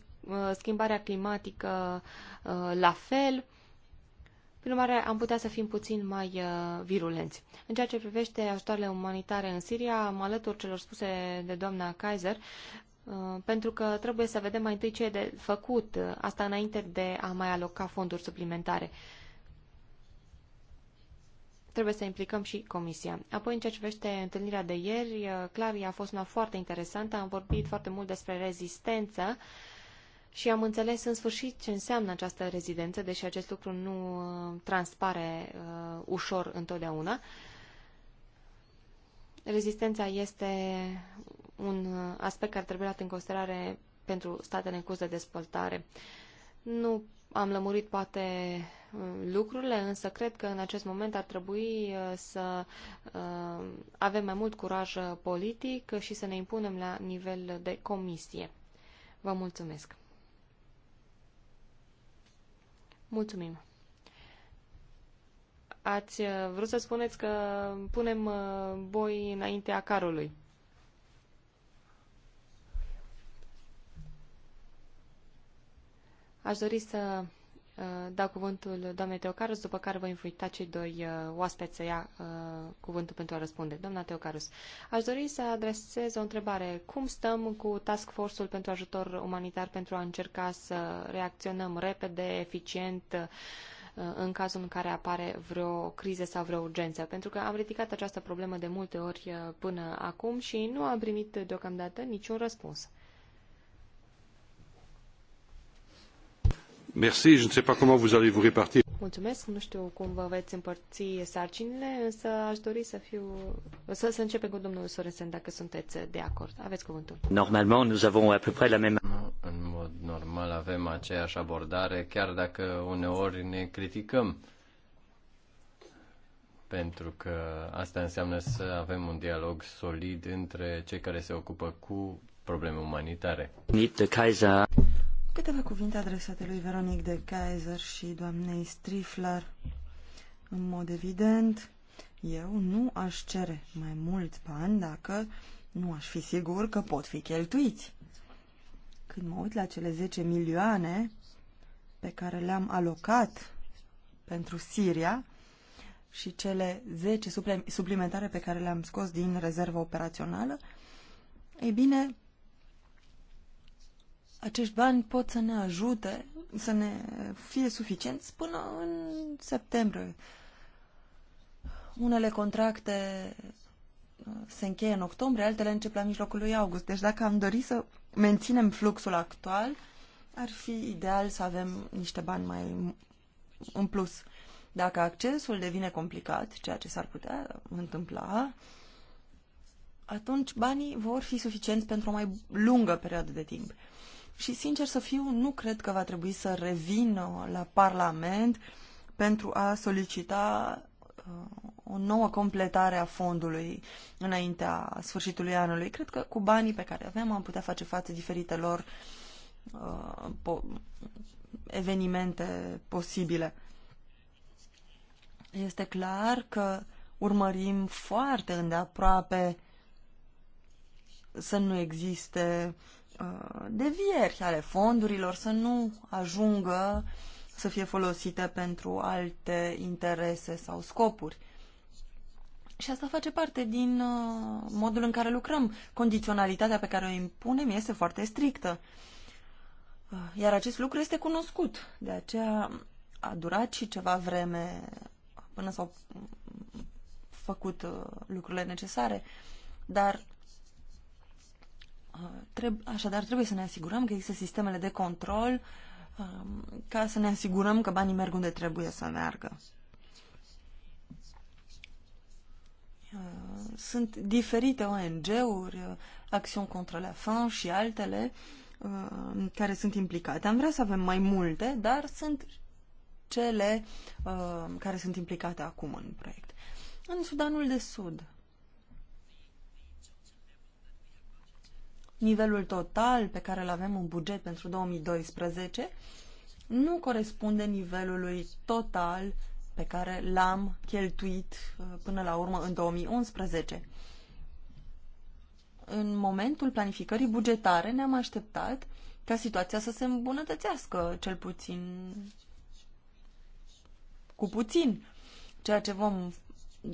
schimbarea climatică la fel. Prin urmare, am putea să fim puțin mai uh, virulenți. În ceea ce privește ajutoarele umanitare în Siria, mă alătur celor spuse de doamna Kaiser, uh, pentru că trebuie să vedem mai întâi ce e de făcut, uh, asta înainte de a mai aloca fonduri suplimentare. Trebuie să implicăm și Comisia. Apoi, în ceea ce privește întâlnirea de ieri, uh, clar, ea a fost una foarte interesantă. Am vorbit foarte mult despre rezistență uh, și am înțeles în sfârșit ce înseamnă această rezidență, deși acest lucru nu uh, transpare uh, ușor întotdeauna. Rezistența este un uh, aspect care trebuie luat în considerare pentru statele în curs de dezvoltare. Nu am lămurit poate uh, lucrurile, însă cred că în acest moment ar trebui să avem mai mult curaj politic și să ne impunem la nivel de comisie. Vă mulțumesc! Mulțumim. Ați uh, vrut să spuneți că punem uh, boi înaintea carului. Aș dori să da cuvântul doamnei Teocarus, după care voi invita cei doi uh, oaspeți să ia uh, cuvântul pentru a răspunde. Doamna Teocarus, aș dori să adresez o întrebare. Cum stăm cu Task Force-ul pentru ajutor umanitar pentru a încerca să reacționăm repede, eficient, în cazul în care apare vreo criză sau vreo urgență. Pentru că am ridicat această problemă de multe ori până acum și nu am primit deocamdată niciun răspuns. Mulțumesc, nu știu cum vă veți împărți sarcinile, însă aș dori să fiu... Să, să începem cu domnul Sorensen, dacă sunteți de acord. Aveți cuvântul. Normalement, nous avons à peu près la même... În mod normal avem aceeași abordare, chiar dacă uneori ne criticăm. Pentru că asta înseamnă să avem un dialog solid între cei care se ocupă cu probleme umanitare. Câteva cuvinte adresate lui Veronic de Kaiser și doamnei Strifler. În mod evident, eu nu aș cere mai mult, bani dacă nu aș fi sigur că pot fi cheltuiți. Când mă uit la cele 10 milioane pe care le-am alocat pentru Siria și cele 10 suplimentare pe care le-am scos din rezervă operațională, ei bine, acești bani pot să ne ajute, să ne fie suficienți până în septembrie. Unele contracte uh, se încheie în octombrie, altele încep la mijlocul lui august. Deci dacă am dori să menținem fluxul actual, ar fi ideal să avem niște bani mai în plus. Dacă accesul devine complicat, ceea ce s-ar putea întâmpla, atunci banii vor fi suficienți pentru o mai lungă perioadă de timp și, sincer să fiu, nu cred că va trebui să revină uh, la Parlament pentru a solicita uh, o nouă completare a fondului înaintea sfârșitului anului. Cred că cu banii pe care avem am putea face față diferitelor uh, evenimente posibile. Este clar că urmărim foarte îndeaproape să nu existe Uh, devieri ale fondurilor să nu ajungă să fie folosite pentru alte interese sau scopuri. Și asta face parte din uh, modul în care lucrăm. Condiționalitatea pe care o impunem este foarte strictă. Uh, iar acest lucru este cunoscut. De aceea a durat și ceva vreme până s-au făcut lucrurile necesare. Dar Uh, treb- așadar, trebuie să ne asigurăm că există sistemele de control um, ca să ne asigurăm că banii merg unde trebuie să meargă. Uh, sunt diferite ONG-uri, uh, Acțiuni contra la Fin și altele care sunt implicate. Am vrea să avem mai multe, dar sunt cele care sunt implicate acum în proiect. În Sudanul de Sud, nivelul total pe care îl avem în buget pentru 2012 nu corespunde nivelului total pe care l-am cheltuit uh, până la urmă în 2011. În momentul planificării bugetare ne-am așteptat ca situația să se îmbunătățească, cel puțin cu puțin. Ceea ce vom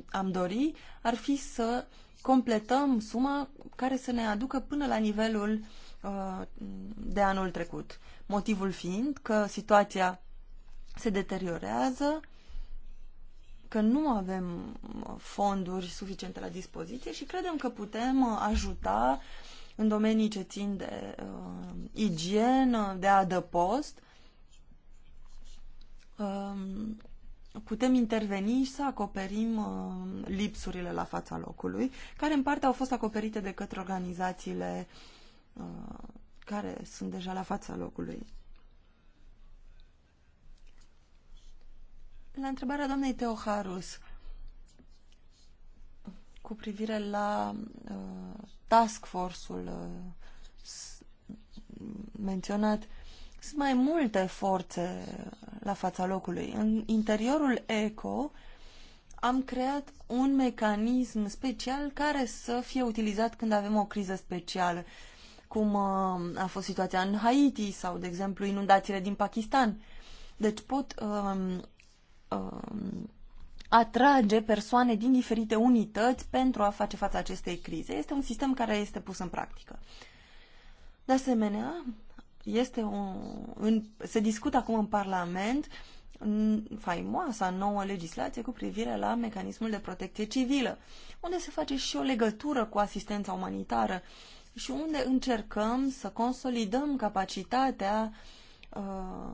am dori ar fi să completăm suma care să ne aducă până la nivelul uh, de anul trecut. Motivul fiind că situația se deteriorează, că nu avem uh, fonduri suficiente la dispoziție și credem că putem uh, ajuta în domenii ce țin de uh, igienă, de adăpost, um, putem interveni și să acoperim uh, lipsurile la fața locului, care în parte au fost acoperite de către organizațiile uh, care sunt deja la fața locului. La întrebarea doamnei Teoharus cu privire la uh, task force-ul uh, menționat, uh, sunt mai multe forțe la fața locului. În interiorul ECO am creat un mecanism special care să fie utilizat când avem o criză specială, cum uh, a fost situația în Haiti sau, de exemplu, inundațiile din Pakistan. Deci pot um, um, atrage persoane din diferite unități pentru a face față acestei crize. Este un sistem care este pus în practică. De asemenea, este o, în, se discută acum în Parlament faimoasa nouă legislație cu privire la mecanismul de protecție civilă, unde se face și o legătură cu asistența umanitară și unde încercăm să consolidăm capacitatea uh,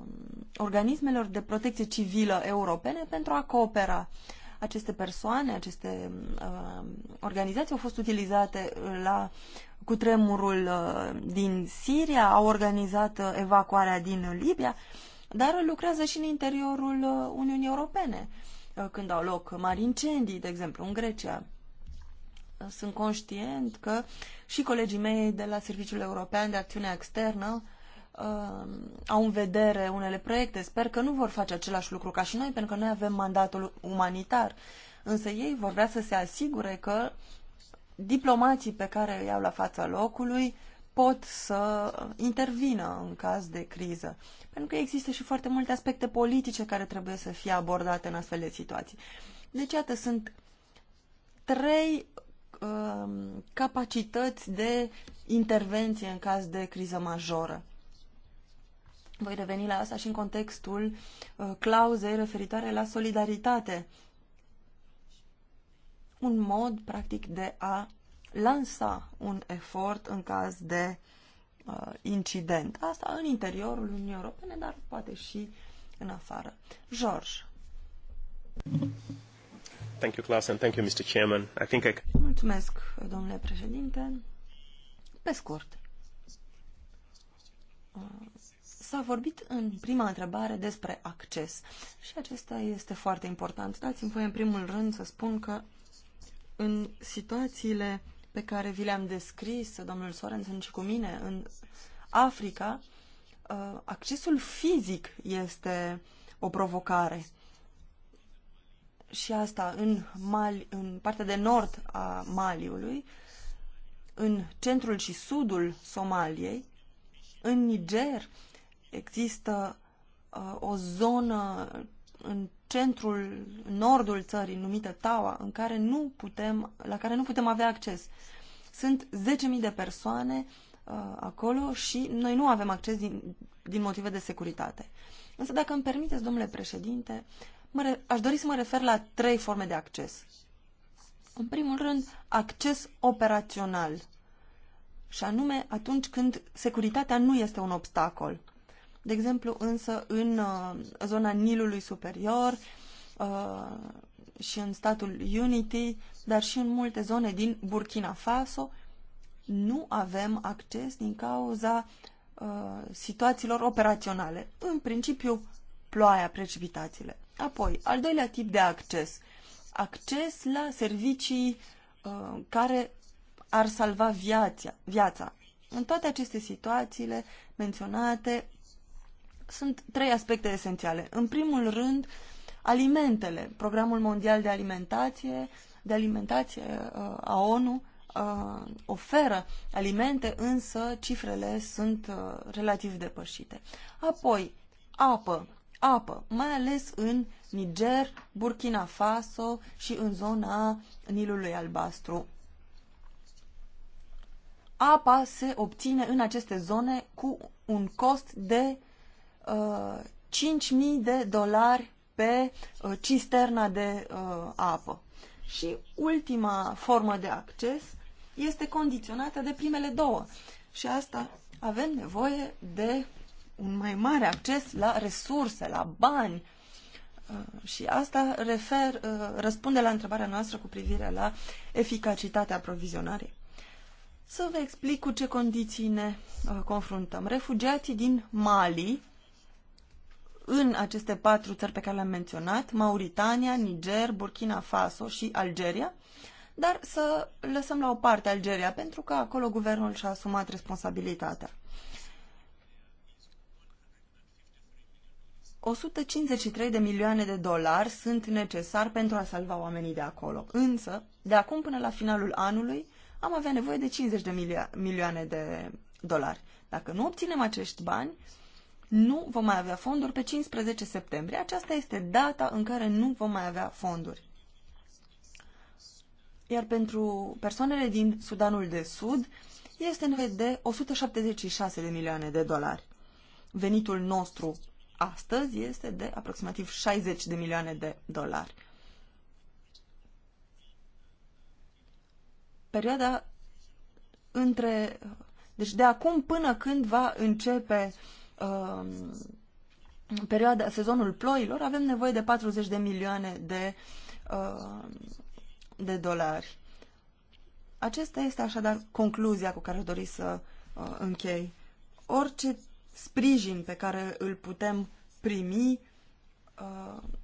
organismelor de protecție civilă europene pentru a coopera. Aceste persoane, aceste uh, organizații au fost utilizate la cutremurul uh, din Siria, au organizat uh, evacuarea din Libia, dar lucrează și în interiorul uh, Uniunii Europene, uh, când au loc mari incendii, de exemplu, în Grecia sunt conștient că și colegii mei de la Serviciul European de Acțiune Externă uh, au în vedere unele proiecte. Sper că nu vor face același lucru ca și noi, pentru că noi avem mandatul umanitar. Însă ei vor vrea să se asigure că diplomații pe care îi au la fața locului pot să intervină în caz de criză. Pentru că există și foarte multe aspecte politice care trebuie să fie abordate în astfel de situații. Deci, iată, sunt trei uh, capacități de intervenție în caz de criză majoră. Voi reveni la asta și în contextul uh, clauzei referitoare la solidaritate. Un mod, practic, de a lansa un efort în caz de uh, incident. Asta în interiorul Uniunii Europene, dar poate și în afară. George. Thank you, Klaus, and thank you, Mr. Chairman. I think I... Mulțumesc, domnule președinte. Pe scurt. Uh, S-a vorbit în prima întrebare despre acces și acesta este foarte important. Dați-mi voi în primul rând să spun că în situațiile pe care vi le-am descris, domnul Sorensen și cu mine, în Africa, uh, accesul fizic este o provocare. Și asta în, Mali, în partea de nord a Maliului, în centrul și sudul Somaliei, în Niger există uh, o zonă în centrul, nordul țării, numită Taua, în care nu putem, la care nu putem avea acces. Sunt 10.000 de persoane uh, acolo și noi nu avem acces din, din motive de securitate. Însă, dacă îmi permiteți, domnule președinte, mă aș dori să mă refer la trei forme de acces. În primul rând, acces operațional, și anume atunci când securitatea nu este un obstacol. De exemplu, însă, în uh, zona Nilului Superior uh, și în statul Unity, dar și în multe zone din Burkina Faso, nu avem acces din cauza uh, situațiilor operaționale. În principiu, ploaia, precipitațiile. Apoi, al doilea tip de acces. Acces la servicii uh, care ar salva viața, viața. În toate aceste situațiile menționate, sunt trei aspecte esențiale. În primul rând, alimentele. Programul Mondial de Alimentație, de alimentație uh, a ONU uh, oferă alimente, însă cifrele sunt uh, relativ depășite. Apoi, apă. Apă, mai ales în Niger, Burkina Faso și în zona Nilului Albastru. Apa se obține în aceste zone cu un cost de 5.000 de dolari pe uh, cisterna de uh, apă. Și ultima formă de acces este condiționată de primele două. Și asta avem nevoie de un mai mare acces la resurse, la bani. Uh, și asta refer, răspunde la întrebarea noastră cu privire la eficacitatea aprovizionării. Să vă explic cu ce condiții ne confruntăm. Refugiații din Mali în aceste patru țări pe care le-am menționat, Mauritania, Niger, Burkina Faso și Algeria, dar să lăsăm la o parte Algeria, pentru că acolo guvernul și-a asumat responsabilitatea. 153 de milioane de dolari sunt necesari pentru a salva oamenii de acolo. Însă, de acum până la finalul anului, am avea nevoie de 50 de milioane de dolari. Dacă nu obținem acești bani, uh, nu vom mai avea fonduri pe 15 septembrie. Aceasta este data în care nu vom mai avea fonduri. Iar pentru persoanele din Sudanul de Sud este nevoie de 176 de milioane de dolari. Venitul nostru astăzi este de aproximativ 60 de milioane de dolari. Perioada între deci de acum până când va începe Um, perioada, sezonul ploilor, avem nevoie de 40 de milioane de, um, de dolari. Acesta este așadar concluzia cu care dori să uh, închei. Orice sprijin pe care îl putem primi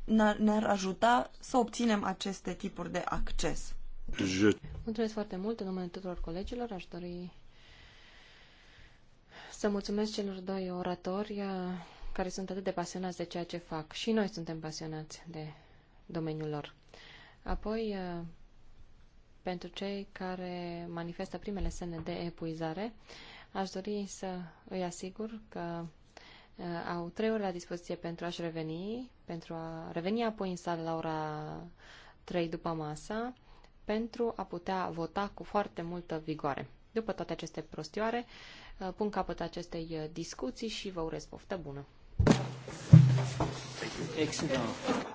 uh, ne-ar ajuta să obținem aceste tipuri de acces. Mulțumesc foarte mult în numele tuturor colegilor. Aș dori să mulțumesc celor doi oratori uh, care sunt atât de pasionați de ceea ce fac. Și noi suntem pasionați de domeniul lor. Apoi, uh, pentru cei care manifestă primele semne de epuizare, aș dori să îi asigur că uh, au trei ore la dispoziție pentru a-și reveni, pentru a reveni apoi în sală la ora 3 după masa, pentru a putea vota cu foarte multă vigoare. După toate aceste prostioare, uh, Uh, pun capăt acestei uh, discuții și vă urez poftă bună. Excellent.